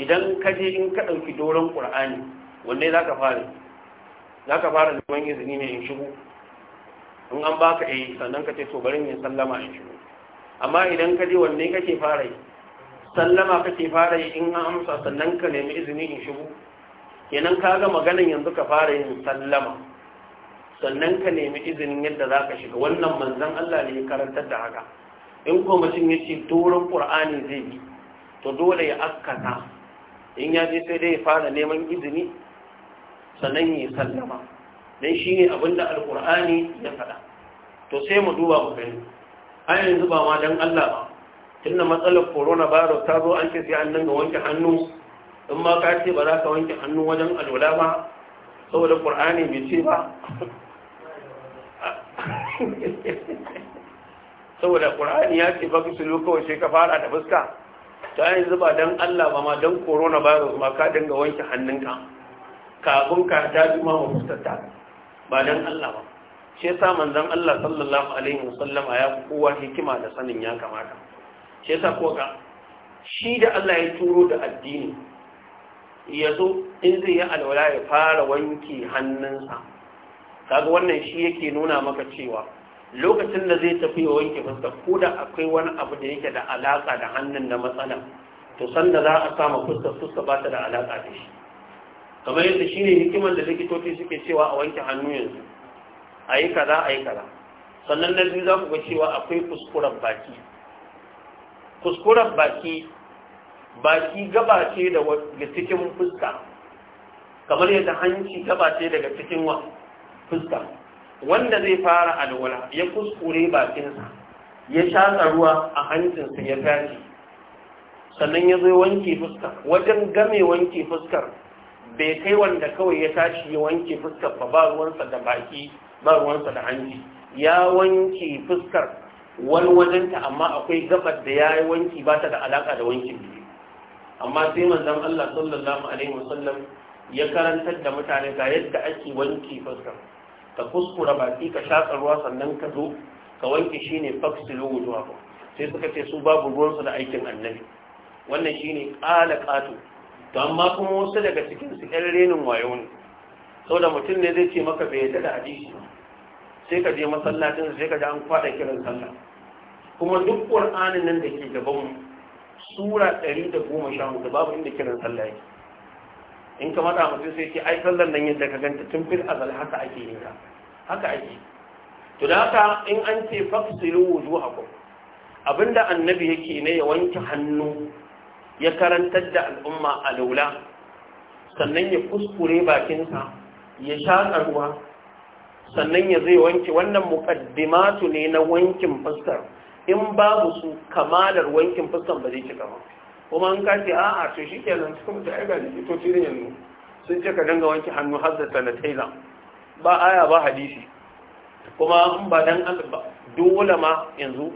idan ka je in ka ɗauki doron ƙur'ani wanne za ka fara za ka fara neman izini ne in shigo in an baka eh sannan ka ce to bari in sallama in shigo amma idan ka je wanne kake fara yi sallama kake fara yi in an amsa sannan ka nemi izini in shigo kenan ka ga maganan yanzu ka fara yin sallama sannan ka nemi izinin yadda za ka shiga wannan manzon Allah ne ya karantar da haka in ko mutum ya ce doron ƙur'ani zai yi to dole ya askata, in ya je sai dai ya fara neman izini sannan ya sallama don shi ne abin da alƙur'ani ya faɗa to sai mu duba mu gani an yanzu ba ma don allah ba tunda matsalar corona virus ta zo an ce sai an dinga wanke hannu in ma ka ce ba za ka wanke hannu wajen alwala ba saboda ƙur'ani bai ce ba saboda ƙura'ani ya ce ba su kawai sai ka fara da fuska ta yanzu ba don Allah ba ma don corona virus ma ka dinga wanke hannunka kafin ka ta juma ma fuskar ba don Allah ba shi yasa manzan Allah sallallahu alaihi wasallama ya kowa hikima da sanin ya kamata shi yasa ko ka shi da Allah ya turo da addini ya zo in zai yi alwala ya fara wanke hannunsa kaga wannan shi yake nuna maka cewa lokacin da zai tafi ya wanke fuska ko da akwai wani abu da yake da alaka da hannun da matsala to sanda za a samu fuska fuska ba ta da alaka da shi kamar yadda ne hikimar da likitoci suke cewa a wanke hannu yanzu a yi kaza a yi kaza sannan na biyu za ku ga cewa akwai kuskuren baki kuskuren baki baki gaba ce daga cikin fuska kamar yadda hanci gaba ce daga cikin fuska wanda zai fara alwala ya kuskure bakinsa ya shaka ruwa a hancinsa ya gaji sannan ya zo wanke fuskar wajen game wanke fuskar bai kai wanda kawai ya tashi ya wanke fuskar ba ba ruwansa da baki ba ruwansa da hanci ya wanke fuskar wani wajenta amma akwai gabar da ya yi wanki ba ta da alaka da wankin biyu amma sai manzon Allah sallallahu alaihi wasallam ya karantar da mutane ga yadda ake wanke fuskar ka kuskura baki ka shatsa ruwa sannan ka zo ka wanke shi shine faksilu ko, sai suka ce su babu ruwansu da aikin annabi wannan shine qala qatu to amma kuma wasu daga cikin su ɗan renin wayo ne saboda mutum ne zai ce maka bai yadda da hadisi sai ka je masallacin sai ka ji an kwada kiran sallah kuma duk qur'anin nan da ke gaban mu sura 114 babu inda kiran sallah yake in ka matsa mutum sai ce ai sallar nan yadda ka ganta tun fil azal haka ake yin ta haka ake to da haka in an ce fafsilu wujuhakum abinda annabi yake ne ya wanke hannu ya karantar da al'umma a laula sannan ya kuskure bakinsa ya shaƙa ruwa sannan ya zai wanke wannan muƙaddimatu ne na wankin fuskar in babu su kamalar wankin fuskar ba zai cika ba kuma an ka ce a'a to shi kenan suka mutu ai ga to tirin yanzu sun ce ka dinga wanke hannu har da sanataila ba aya ba hadisi kuma in ba dan dole ma yanzu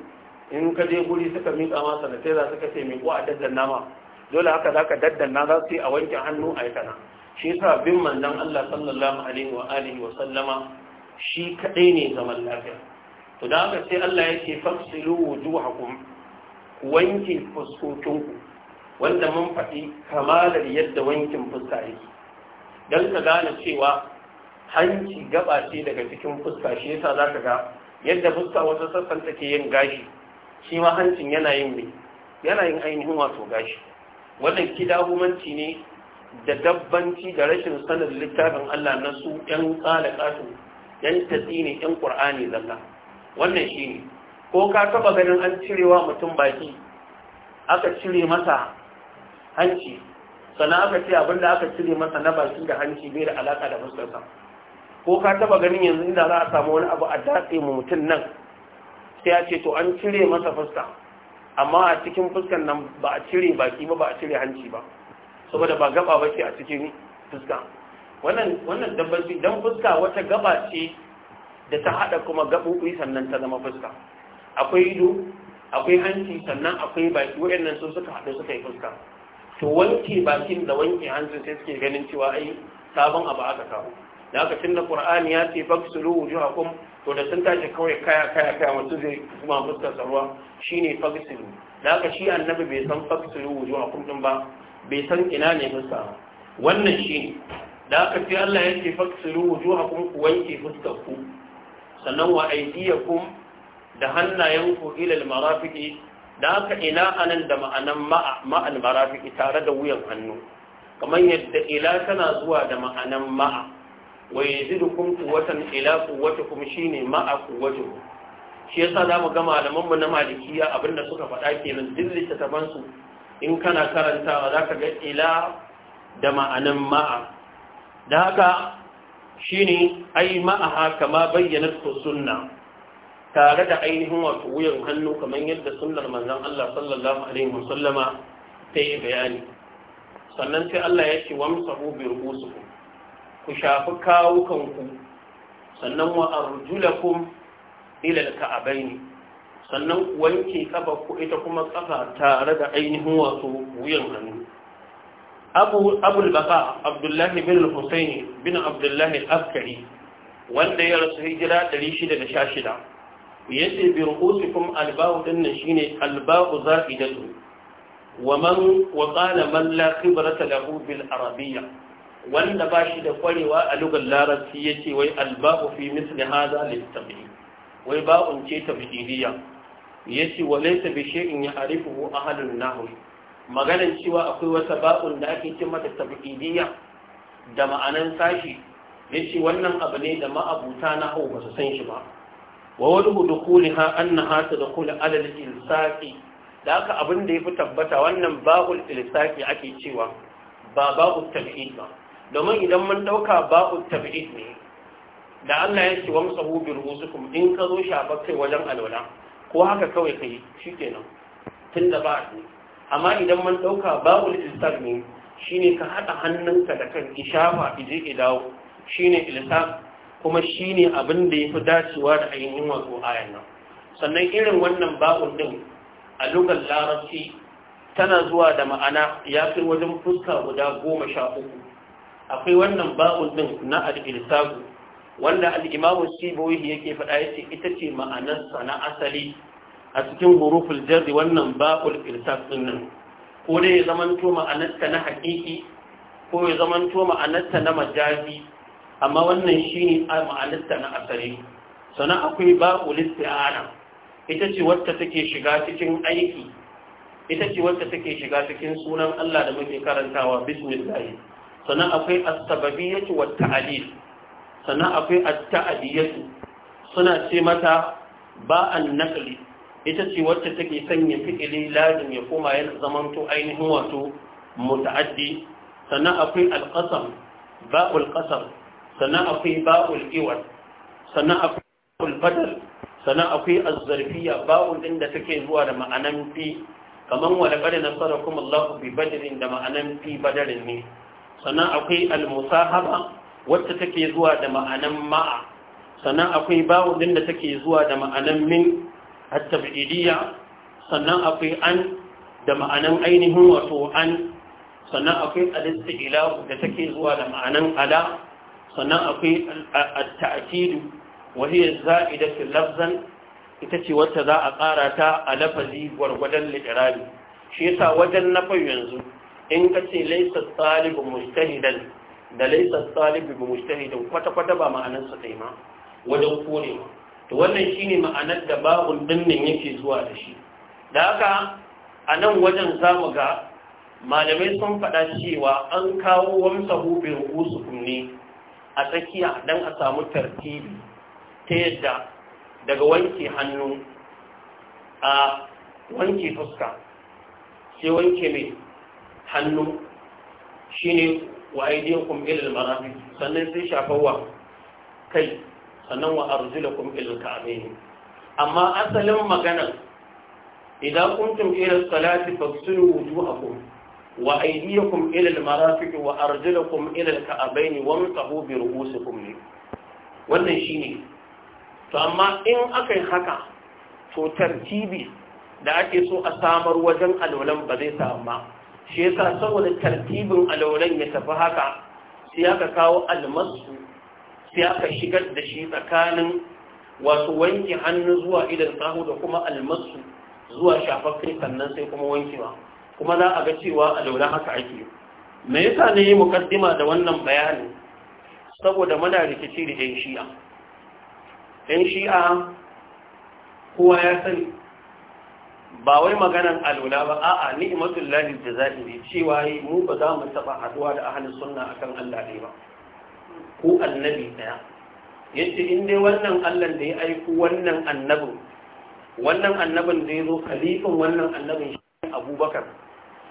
in ka je guri suka mika ma sanataila suka ce mai ko a daddanna ma dole haka zaka daddanna za su yi a wanke hannu a yi kana shi sa bin manzon Allah sallallahu alaihi wa alihi wa sallama shi kadai ne zaman lafiya to da haka sai Allah yake fasilu wujuhakum wanke fuskokinku wanda mun faɗi kamalar yadda wankin fuska yake don ka gane cewa hanci gaba ce daga cikin fuska shi yasa za ka ga yadda fuska wata sassan take yin gashi shi ma hancin yana yin mai yana yin ainihin wato gashi wannan kidahumanci ne da dabbanci da rashin sanin littafin Allah na su ‘yan tsala ƙasu ‘yan tatsi ne ‘yan ƙur'ani zalla wannan shi ne ko ka taɓa ganin an cirewa mutum baki aka cire masa hanci sana aka ce abin da aka cire masa na bakin da hanci bai da alaka da fuskarsa ko ka taba ganin yanzu inda za a samu wani abu a datse mu mutum nan sai ya ce to an cire masa fuska amma a cikin fuskan nan ba a cire baki ba ba a cire hanci ba saboda ba gaba ba ce a cikin fuska wannan wannan dabbaci dan fuska wata gaba ce da ta hada kuma gabobi sannan ta zama fuska akwai ido akwai hanci sannan akwai baki wayannan su suka hada suka yi fuska to wanke bakin da wanke hanzin sai suke ganin cewa ai sabon abu aka kawo da aka tunda qur'ani ya ce faksulu wujuhakum to da sun tashi kawai kaya kaya kaya mutum zai kuma fuskar ruwa shine faksulu da aka shi annabi bai san faksulu wujuhakum din ba bai san ina ne fuska wannan shi da aka ce Allah ya ce faksulu wujuhakum ku wanke fuskar ku sannan wa aydiyakum da hannayen ku ila marafiki. da haka ina anan da ma'anan ma'al marafi tare da wuyan hannu kamar yadda ila tana zuwa da ma'anan ma'a wa yazidukum quwwatan ila quwwatikum shine ma'a quwwatu shi yasa zamu ga malaman mu na malikiya abinda suka faɗa kenan dillita taban su in kana karantawa zaka ga ila da ma'anan ma'a da haka shine ai ma'aha kama bayyana sunna tare da ainihin wato wuyan hannu kamar yadda sunnar manzon Allah sallallahu alaihi wasallama ta yi bayani sannan sai Allah ya ce wamsahu bi ru'usikum ku shafi kawukan ku. sannan wa arjulakum ila al-ka'abaini sannan ku wanke kafa ku ita kuma kafa tare da ainihin wato wuyan hannu abu abul baqa abdullahi bin husaini bin abdullahi al-askari wanda ya rasu hijira 616 yace bi ru'usikum alba'u dinnan shine alba'u za'idatu wa man wa qala man la khibrata lahu bil arabiyya wanda ba shi da kwarewa a lugar larabci yace wai alba'u fi misli hadha litabdi wai ba'un ce tabdiliya yace wa laysa bi shay'in ya'rifuhu ahlun nahw maganan cewa akwai wata ba'un da ake ce mata tabdiliya da ma'anan sashi yace wannan abu ne da ma'abuta na hau ba su san shi ba wawadu hudu kuli ha an na hasu da kuli alal insafi da aka abin da ya fi tabbata wannan ba'ul insafi ake cewa ba ba'ul tabi'id ba domin idan mun dauka ba'ul tabi'id ne da allah ya ce wamsa hu bi rusukum in ka zo shafa kai wajen alwala ko haka kawai kai shi kenan tun da ba ne amma idan mun dauka ba'ul insaf ne shine ka haɗa hannunka da kan ki shafa ije ki dawo shine insaf kuma shi ne abin da ya fi dacewa da ainihin wato ayan nan sannan irin wannan ba'un ɗin a lugar larabci tana zuwa da ma'ana ya fi wajen fuska guda goma sha uku akwai wannan ba'un ɗin na al'ilsagu wanda al'imamu siboyi yake faɗa ya ce ita ce ma'anarsa na asali a cikin huruful jarri wannan ba'ul ilsag ɗin nan ko dai ya zamanto ma'anarsa na hakiki ko ya zamanto ma'anarsa na majazi amma wannan shine ma'anarta na asali sannan akwai ba'ul isti'ana ita ce wacce take shiga cikin aiki ita ce wacce take shiga cikin sunan Allah da muke karantawa bismillah sannan akwai as-sababiyyatu wat ta'lil sannan akwai at-ta'diyatu suna ce mata ba'an naqli ita ce wacce take sanya fi'ili lazim ya koma yana zamanto ainihin wato muta'addi sannan akwai al-qasam ba'ul qasam sannan akwai ba'ul iwal sannan akwai ba'ul badal sannan akwai azzarfiya ba'ul din da take zuwa da ma'anan fi kaman wa laqad nasarakum Allah fi badrin da ma'anan fi badarin ne sannan akwai al-musahaba wacce take zuwa da ma'anan ma'a sannan akwai ba'ul din da take zuwa da ma'anan min at-tab'idiyya sannan akwai an da ma'anan ainihin wato an sannan akwai alisti'ilahu da take zuwa da ma'anan ala sannan akwai at-ta'kidu wa hiya za'idatu lafzan ita ce wacce za a ƙara ta a lafazi gwargwadon litirabi shi yasa wajen na nafa yanzu in ka ce laisa talibu mustahidan da laisa talibu bi mustahidan kwata-kwata ba ma'anar sa ma wajen kore to wannan shine ma'anar da babun dinnin yake zuwa da shi da haka a nan wajen zamu ga malamai sun faɗa cewa an kawo wamsahu bi rusukum ne a tsakiya don a samu tartibi ta yadda daga wanke hannu a wanke fuska sai wanke mai hannu shi ne wa aidiyakum ilal marafiq sannan sai shafawa kai sannan wa arjulakum ilal ne. amma asalin magana idan kuntum ila salati faghsilu wujuhakum wa aydiyakum ila al-marafiq wa arjulakum ila al-ka'bayn wamtahu bi ru'usikum ne wannan shine to amma in aka yi haka to tartibi da ake so a samar wajen alwalan ba zai samu ba shi yasa saboda tartibin alwalan ya tafi haka sai aka kawo almasu sai aka shigar da shi tsakanin wasu wanke hannu zuwa idan tsaho da kuma almasu zuwa shafafai sannan sai kuma wankewa kuma za a ga cewa a laura haka ake me yasa ne yi mukaddima da wannan bayani saboda muna rikici da yan shi'a yan shi'a kowa ya sani ba wai maganan alula ba a'a da lahi jazairi cewa yi mu ba za mu taɓa haduwa da ahlus sunna akan Allah ɗaya ba ko annabi daya yace in dai wannan Allah da ya aiko wannan annabin wannan annabin da ya zo khalifin wannan annabin shi Abubakar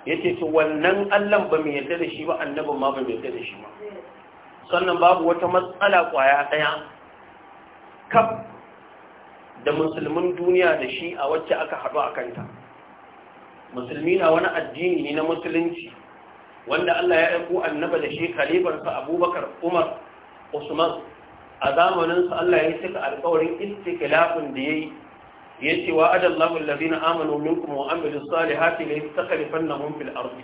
yace to wannan allon ba mai yarda da shi ba annabin ma ba mai yarda da shi ba sannan babu wata matsala kwaya daya kaf da musulmin duniya da shi a wacce aka haɗu a kanta musulmi na wani addini ne na musulunci wanda Allah ya aiko annaba da shi khalifarsa abubakar umar usman a zamaninsu Allah ya cika alkawarin istiklafin da ya yi yace wa adallahu alladhina amanu minkum wa amilus ta la yastakhlifannahum fil ardi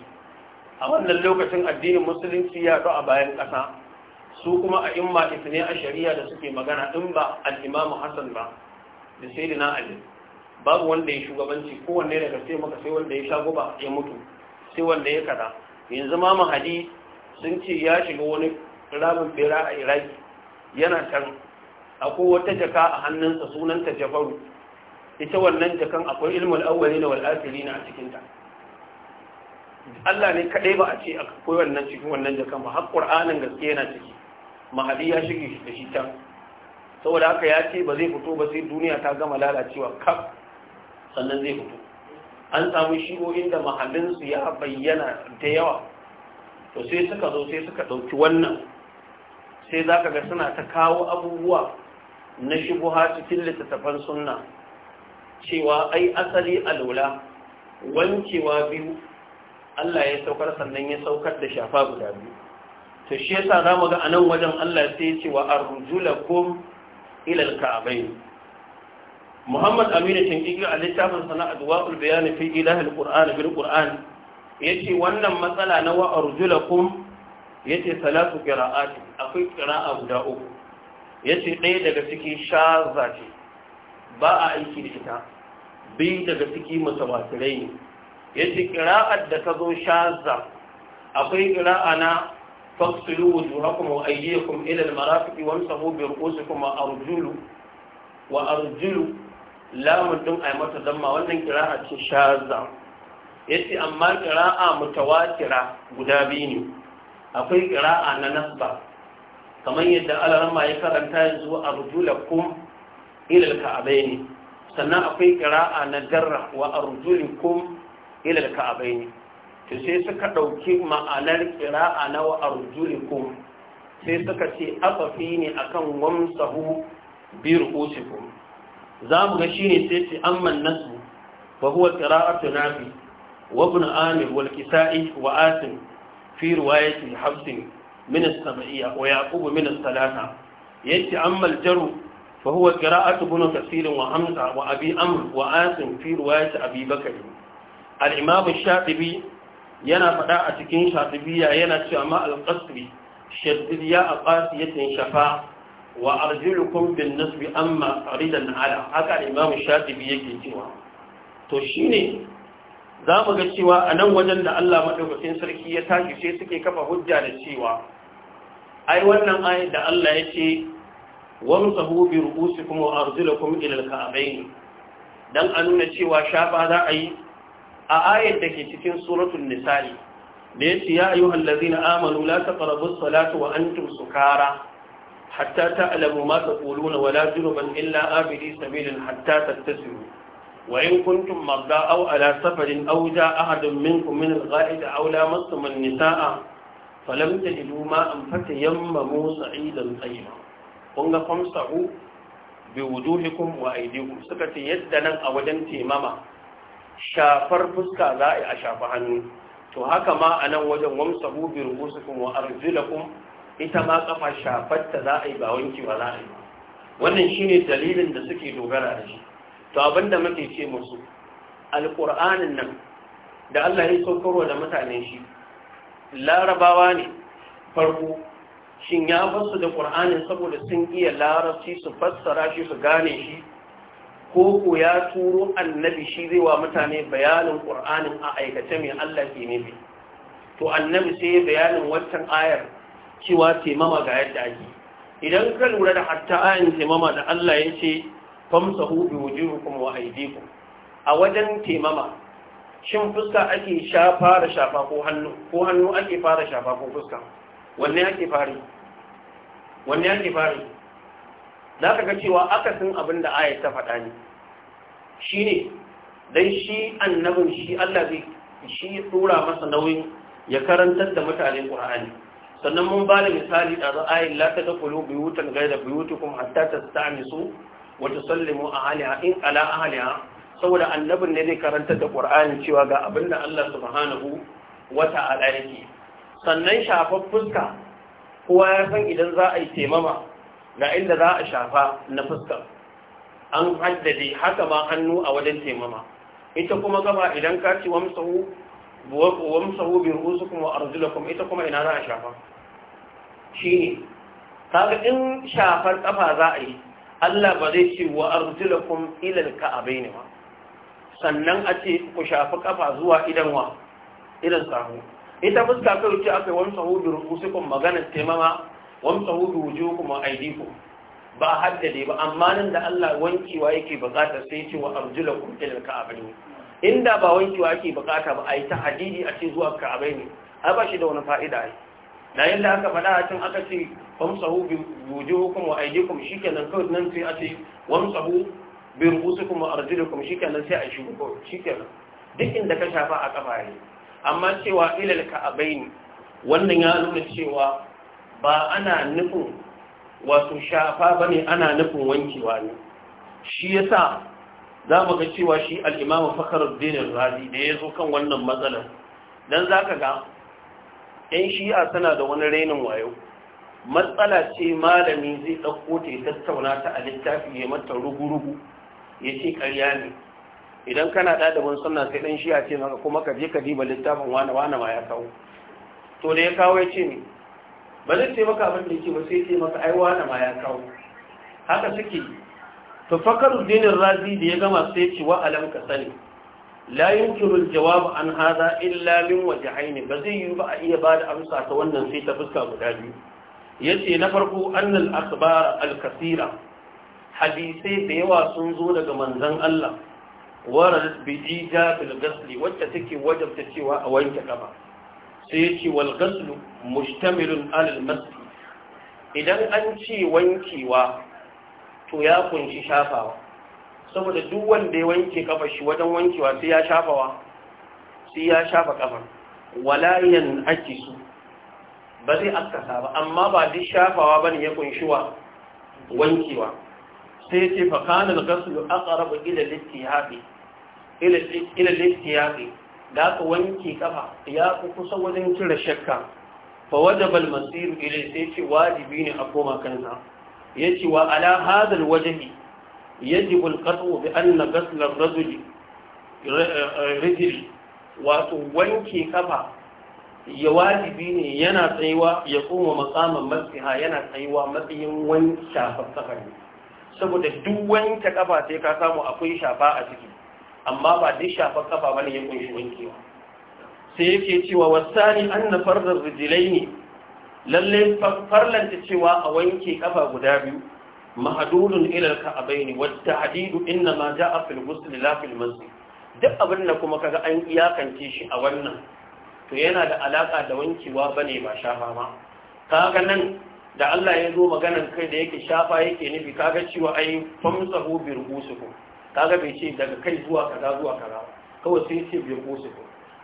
a wannan lokacin addinin musulunci ya a bayan ƙasa su kuma a imma isne a shari'a da suke magana in ba al Hassan ba da sayyidina Ali babu wanda ya shugabanci kowanne daga sai maka sai wanda ya sha guba ya mutu sai wanda ya kada yanzu ma mahadi sun ce ya shiga wani ramin bera a Iraki yana can akwai wata jaka a hannunsa sunanta Jafaru ita wannan jakan akwai ilmul awwali wal akhiri na a cikin ta Allah ne kadai ba a ce akwai wannan cikin wannan jakan ba har Qur'anin gaske yana ciki mahadi ya shige da shi can saboda haka ya ce ba zai fito ba sai duniya ta gama lalacewa kaf sannan zai fito an samu shigo inda mahallin su ya bayyana da yawa to sai suka zo sai suka dauki wannan sai zaka ga suna ta kawo abubuwa na shubuha cikin littattafan sunna cewa ai asali alula wancewa biyu Allah ya saukar sannan ya saukar da shafa guda biyu to shi yasa zamu ga anan wajen Allah sai ya ce wa arjulakum ila alka'bayn Muhammad Aminu Tinkiki a littafin sana adwa'ul bayan fi ilahi alqur'an bil qur'an yace wannan matsala na wa arjulakum yace salatu qira'at akwai qira'a guda uku yace ɗaya daga cikin sha ce ba a aiki da ita biyu daga ciki mutawatirai ne yace qira'at da ta zo shazza akwai kira'a na faqsilu wujuhakum wa aydiyakum ila al marafiki wamsahu bi ru'usikum wa arjulu wa arjulu lamun din ay mata damma wannan kira'a ce shazza yace amma kira'a mutawatira guda biyu ne akwai kira'a na nasba kamar yadda alarama ya karanta yanzu arjulakum ila al ne. sannan akwai ƙira'a na darra wa arjulikum ila alka'abaini to sai suka ɗauki ma'anar ƙira'a na wa arjulikum sai suka ce afafi ne akan wamsahu bi ru'usikum za mu ga shine sai ce amman nasu wa huwa qira'atu nafi wa ibn amir wal kisa'i wa asim fi riwayati hafsin min as-sab'iyya wa yaqub min as-salata yace amma al-jaru فهو قراءة ابن كثير وحمزة وأبي أمر وآسم في رواية أبي بكر الإمام الشاطبي ينا فداء تكين شاطبية ينا شعماء القصري شدد يا قاسية شفاء وأرجلكم بالنسب أما ردا على هكا الإمام الشاطبي يكي جوا تشيني za mu ga cewa a nan wajen da Allah maɗaukacin sarki ya tashi sai suke kafa hujja da cewa ai wannan ayat da Allah ya ce wamsahu bi ru'usikum wa arjulakum ila al-ka'bayn dan an nuna cewa shafa za a yi a ayar da ke cikin suratul nisa'i da yace ya ayyuhal ladina amanu la taqrabus salata wa antum sukara hatta ta'lamu ma taquluna wa la junuban illa abidi sabilin hatta tattasilu wa in kuntum marda aw ala safarin aw jaa ahadun minkum min al-gha'id aw lamastum an-nisaa falam tajidu ma'an fatayammamu sa'idan tayyiban kun ga famsahu bi wujuhikum wa aydikum suka ce yadda nan a wajen temama shafar fuska za a shafa hannu to haka ma a nan wajen wamsahu bi rubusikum wa arjulakum ita ma kafa shafarta za a yi ba wanki ba za a yi wannan shine dalilin da suke dogara da shi to da muke ce musu alqur'anin nan da Allah ya saukarwa da mutane shi larabawa ne farko shin ya basu da ƙur'anin saboda sun iya larabci su fassara shi su gane shi ko ko ya turo annabi shi zai wa mutane bayanin ƙur'anin a aikace mai Allah ke nufi to annabi sai ya bayanin wancan ayar cewa taimama ga yadda ake idan ka lura da hatta ayan taimama da Allah ya ce famsahu bi wujuhikum wa aydikum a wajen taimama shin fuska ake sha fara shafa ko hannu ko hannu ake fara shafa ko fuska wanne ake fara wanne yake fari za ka ga cewa akasin abin da ayat ta faɗa ne shi ne don shi annabin shi Allah zai shi tsura masa nauyin ya karantar da mutane ƙur'ani sannan mun ba da misali ɗazu ayin la ta dakulu buyutan gaida buyutukum hatta ta sta'misu wa tusallimu ahliha in ala ahliha saboda annabin ne zai karantar da ƙur'ani cewa ga abin da Allah subhanahu wata ta'ala yake sannan shafar fuska kowa ya san idan za a yi taimama ga inda za a shafa na fuska an haddade haka ma hannu a wajen taimama ita kuma gaba idan ka ci wamsahu wamsahu bi kuma wa ita kuma ina za a shafa Shi ne kaga in shafar kafa za a yi Allah ba zai ce wa arjulakum a bai kaabaini ba sannan a ce ku shafi kafa zuwa idan wa idan sahu ita fuska kai wuce aka yi wani sahudu rufusikun magana taimama wani sahudu wuce kuma aidiku ba a haddade ba amma nan da Allah wankewa yake bukata sai ce wa arjula kun ilil ka'abai ne inda ba wankewa yake bukata ba a yi ta hadidi a ce zuwa ka'abai ne a ba shi da wani fa'ida ne da yadda aka faɗa a cin aka ce wamsahu bi wujuhukum wa aydikum shikenan kawai nan sai a ce wamsahu bi rufusikum wa arjulukum shikenan sai a shi shikenan duk inda ka shafa a kafa ne amma cewa ilal ka'abaini wannan ya nuna cewa ba ana nufin wato shafa ba ne ana nufin wankewa ne shi ya sa za mu ga cewa shi al Fakarar fakhruddin razi da ya zo kan wannan matsalar za zaka ga 'yan shi'a tana da wani rainin wayo matsala ce malami zai ɗauko ta ya tattauna ta a littafi ya mata rugu-rugu ya ce ƙarya ne idan kana ɗalibin sunna sai ɗan shi a ce maka kuma ka je ka diba littafin wani wani ma ya kawo to da ya kawo ya ce ne ba zai ce maka abin da yake ba sai ce maka ai wani ma ya kawo haka suke to dinin razi da ya gama sai ce wa alam ka sani la yunkiru aljawab an hada illa min wajhaini ba zai yi ba a iya ba da amsa ta wannan sai ta fuska guda biyu yace na farko annal akhbar alkasira hadisi da yawa sun zo daga manzon Allah waradat bi ijabil ghasl wacce take wajabta cewa a wanke kafa sai yace wal ghasl mushtamilun alal masjid idan an ce wankewa to ya kunshi shafawa saboda duk wanda ya wanke kafa shi wajen wankewa sai ya shafawa sai ya shafa kafa wala yan akisu ba zai akasa ba amma ba duk shafawa bane ya kunshi wa wankewa sai ce fa kana al-ghaslu aqrabu ila al-istihabi ilil yaƙi da aka wanke kafa ya fi kusa wajen cire shakka fa wajabal masiru ilai sai ce wajibi ne a koma kansa ya ce wa ala hadal wajahi yajib alqatu bi anna ghasl ar-rajul rijli wato wanke kafa ya wajibi ne yana tsayuwa ya koma matsaman masiha yana tsayuwa matsayin wani shafar sakari saboda duk wani kafa sai ka samu akwai shafa a ciki amma ba duk shafar kafa bane ya kunshi wanki sai yake cewa wasani anna farzar rijilaini lalle farlanta cewa a wanke kafa guda biyu mahadudun ilal ka'abaini wadda hadidu inna ma ja'a fil ghusl la fil masjid duk abin da kuma kaga an iyakance shi a wannan to yana da alaka da wankewa bane ba shafa ma kaga nan da Allah ya zo maganan kai da yake shafa yake nufi kaga cewa ai famsahu bi rubusikum kaga bai ce daga kai zuwa kaza zuwa kaza kawai sai ce bai kosu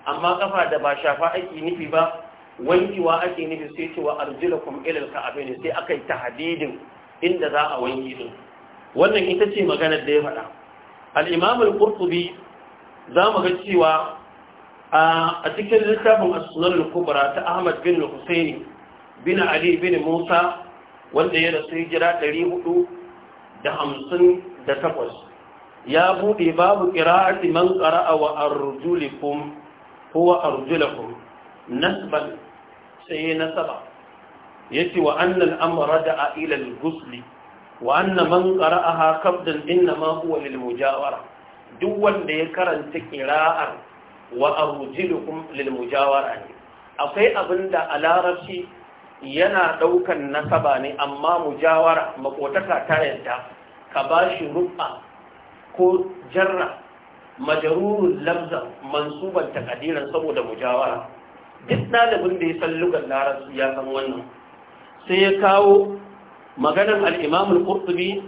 amma kafa da ba shafa ake nufi ba wankewa ake nufi sai ce wa arjulakum ilal ka'abain sai akai tahdidin inda za a wanke din wannan ita ce maganar da ya faɗa al-imam al-qurtubi ga cewa a cikin littafin as-sunan al-kubra ta ahmad bin husaini bin ali bin musa wanda ya rasu hijira 458 ya buɗe babu ƙira'ati man ƙara'a wa arjulikum huwa arjulakum nasban sai nasaba yace wa annal amra da'a ila al-ghusli wa anna man qara'aha qabdan inma huwa lil mujawara duk wanda ya karanta qira'ar wa arjulukum lil mujawara ne akwai abinda a larabci yana daukan nasaba ne amma mujawara makotaka ta yadda ka bashi rufa ko jarra majarurun lamza mansuban takadiran saboda mujawara duk ɗalibin da ya san lugar larabci ya san wannan sai ya kawo maganar al'imamul ƙurtubi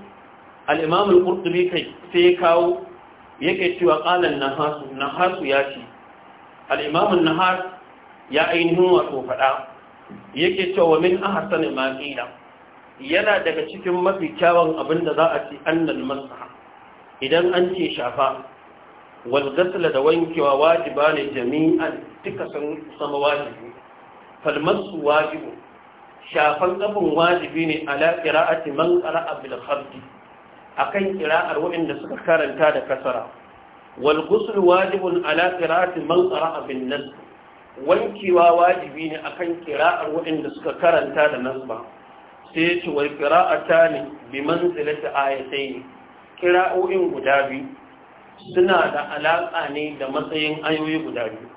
al'imamul ƙurtubi kai sai ya kawo yake cewa ƙalan nahasu nahasu ya ce al'imamun nahas ya ainihin wato faɗa yake cewa min ahasani maƙila yana daga cikin mafi kyawun abin da za a ci annan masaha idan an ce shafa walgasla da wankewa wajiba ne jami'an duka sun sama wajibi Falmarsu wajibu shafan kafin wajibi ne ala qira'ati man qara'a bil khabdi akan qira'ar waɗanda suka karanta da kasara wal ghusl wajibun ala qira'ati man qara'a bin nan, wankewa wajibi ne a akan qira'ar waɗanda suka karanta da nasba sai ce wal ne bi manzilati ne. kira'o'in guda biyu suna da alaƙa ne da matsayin ayoyi guda biyu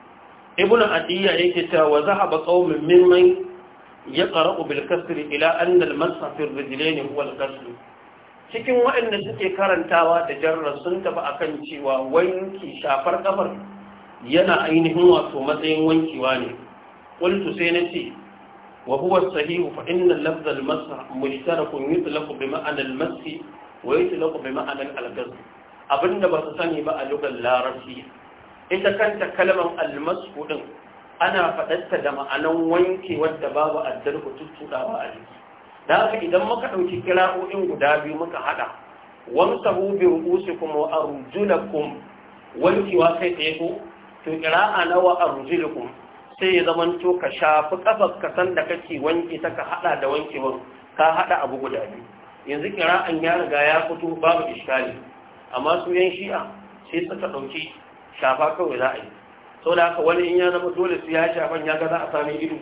ibn adiyya yake ta wa zahaba qaumin mimman yaqra'u bil kasri ila anna al masfa fi rijlayn huwa al cikin waɗanda suke karantawa da jarra sun tafi akan cewa wanki shafar kafar yana ainihin wato matsayin wankewa ne qultu sai nace وهو الصحيح فإن اللفظ المسح مشترك يطلق بمعنى المسح wai su laƙo bai ma'anar abin abinda ba su sani ba a lokacin larabci ita kanta kalmar almasu din ana faɗarta da ma'anan wanke wadda babu addar ku ba a jiki da haka idan muka ɗauki kira'o'in guda biyu muka haɗa wamsahu bi ru'usikum wa arjulakum wankewa kai tsaye ko to kira'a na wa arjulakum sai ya zaman to ka shafi kafafka ka san da kake wanke ta ka hada da wankewan ka hada abu guda biyu yanzu kira'an ya riga ya fito babu iskali amma su yan shi'a sai suka ɗauki shafa kawai za a yi sau da haka wani in ya zama dole su ya shafan ya ga za a sami ido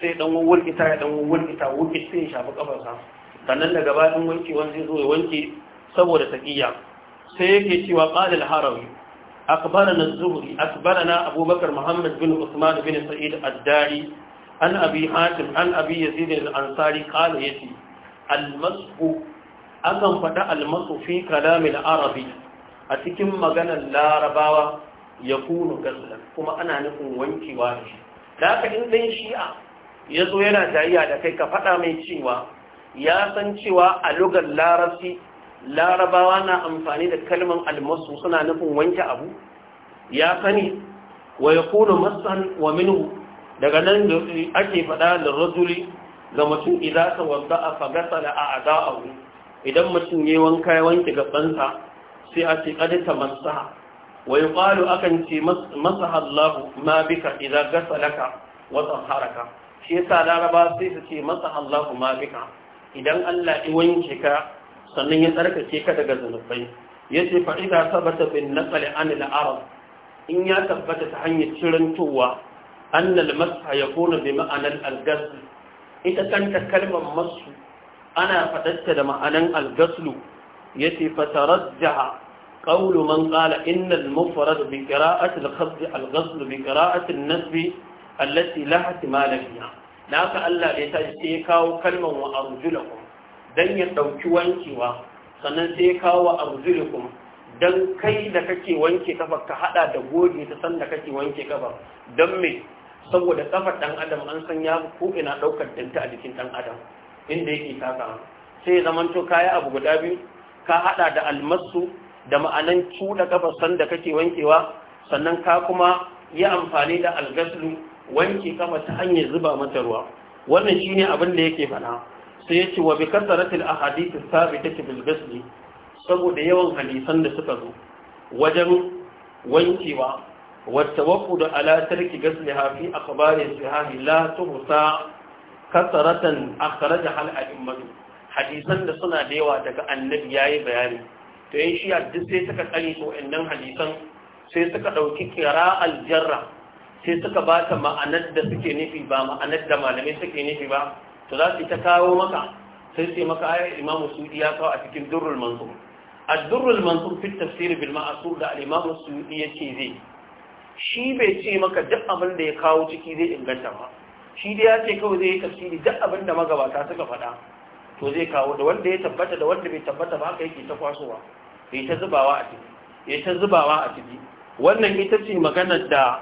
sai dan wulkita ya dan wulkita wukit sai ya shafi kafarsa sannan daga bayan wanki wani zo ya wanke saboda taƙiyya sai yake cewa ƙalil harawi أخبرنا الزهري أخبرنا أبو بكر محمد بن عثمان بن سعيد الداري عن أبي an عن أبي يزيد ansari قال يتي almasu akan faɗa almasu fi kalamin arabi a cikin maganar larabawa ya kunu gasulan kuma ana nufin wankewa da shi da haka in ɗan shi'a ya zo yana jayya da kai ka faɗa mai cewa ya san cewa a lugar larabci larabawa na amfani da kalman almasu suna nufin wanke abu ya sani wa ya kunu masan wa minu? daga nan ake faɗa da rajuli ga mutum idza tawadda'a fa a a'da'ahu idan mutum yayi wanka ya wanke gabansa sai a ce ta tamassaha Wai yuqalu akan ce masa Allah ma bika gasa ghasalaka wa tahharaka shi yasa laraba sai su ce masaha Allah ma bika idan Allah ya wanke ka sannan ya tsarkake ka daga zanubai yace fa idza sabata bin naqal an al in ya tabbata ta hanyar cirantowa annal ya kuna bi ma'anar al ita kanta kalmar masu ana faɗatta da ma'anan algaslu ya ce fatarar jaha ƙaunu man ƙala innal mufarad bi qira'atil khafd alghasl bi qira'atil nasb allati la ihtimala fiha da Allah ya ta sai ya kawo kalmar wa arjulakum don ya ɗauki wankewa sannan sai ya kawo wa arjulakum dan kai da kake wanke kafa ka haɗa da goge ta da kake wanke kafa don me saboda kafar dan adam an san ya ko ina daukar danta a jikin dan adam inda yake taka sai zaman to kaya abu guda biyu ka hada da almasu da ma'anan cuda kafar san da kake wankewa sannan ka kuma yi amfani da algaslu wanke kafa ta hanyar zuba mata ruwa wannan shine abin da yake fada sai yace wa bi kasaratil ahadith thabitati bil ghusl saboda yawan hadisan da suka zo wajen wankewa والتوقد على ترك غسلها في أخبار الصحاح لا تبصى كثرة أخرجها الأئمة حديثا لصنع ديوة النبي ياي بياني to yin shi duk sai suka tsare su wa'annan hadisan sai suka ɗauki kira aljarra sai suka ba ta ma'anar da suke nufi ba ma'anar da malamai suke nufi ba to za su ta kawo maka sai sai maka ayar imam suudi ya kawo a cikin fi da al-imam suudi shi bai ce maka duk abin da ya kawo ciki zai inganta ba shi dai ya ce kawai zai yi tafsiri duk abin da magabata suka faɗa to zai kawo da wanda ya tabbata da wanda bai tabbata ba haka yake ta kwasowa bai ta zubawa a ciki ya ta zubawa a ciki wannan ita ce maganar da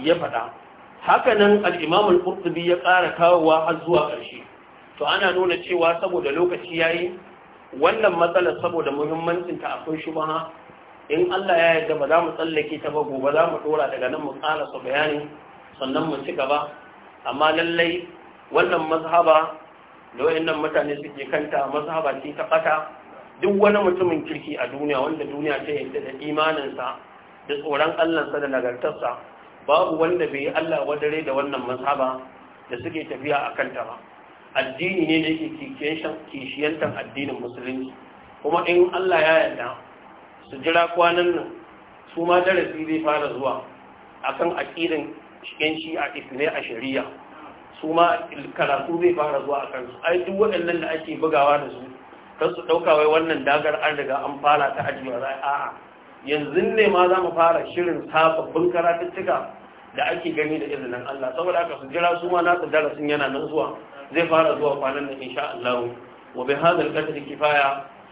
ya faɗa haka nan al'imam al'urtubi ya ƙara kawowa har zuwa ƙarshe to ana nuna cewa saboda lokaci ya yi wannan matsalar saboda muhimmancinta akwai shubaha in Allah ya yarda ba za mu tsallake ta ba gobe za mu dora daga nan mu tsara su bayani sannan mu ci gaba amma lallai wannan mazhaba da wayannan mutane suke kanta mazhaba ce ta ƙata. duk wani mutumin kirki a duniya wanda duniya ta yarda da imaninsa da tsoron Allahnsa da nagartarsa babu wanda bai yi Allah wa dare da wannan mazhaba da suke tafiya a kanta ba addini ne da yake kishiyantar addinin musulunci kuma in Allah ya yarda su jira kwanan nan su ma darasi zai fara zuwa akan aƙirin yan shi'a isne a shari'a su ma karatu zai fara zuwa a kansu ai duk waɗannan da ake bugawa da su kan su ɗauka wai wannan dagar an riga an fara ta ajiyar a'a yanzu ne ma za mu fara shirin sababbin karatuttuka da ake gani da izinin Allah saboda haka su jira su ma nasu darasin yana nan zuwa zai fara zuwa kwanan nan insha Allah wa bi hadal qadri kifaya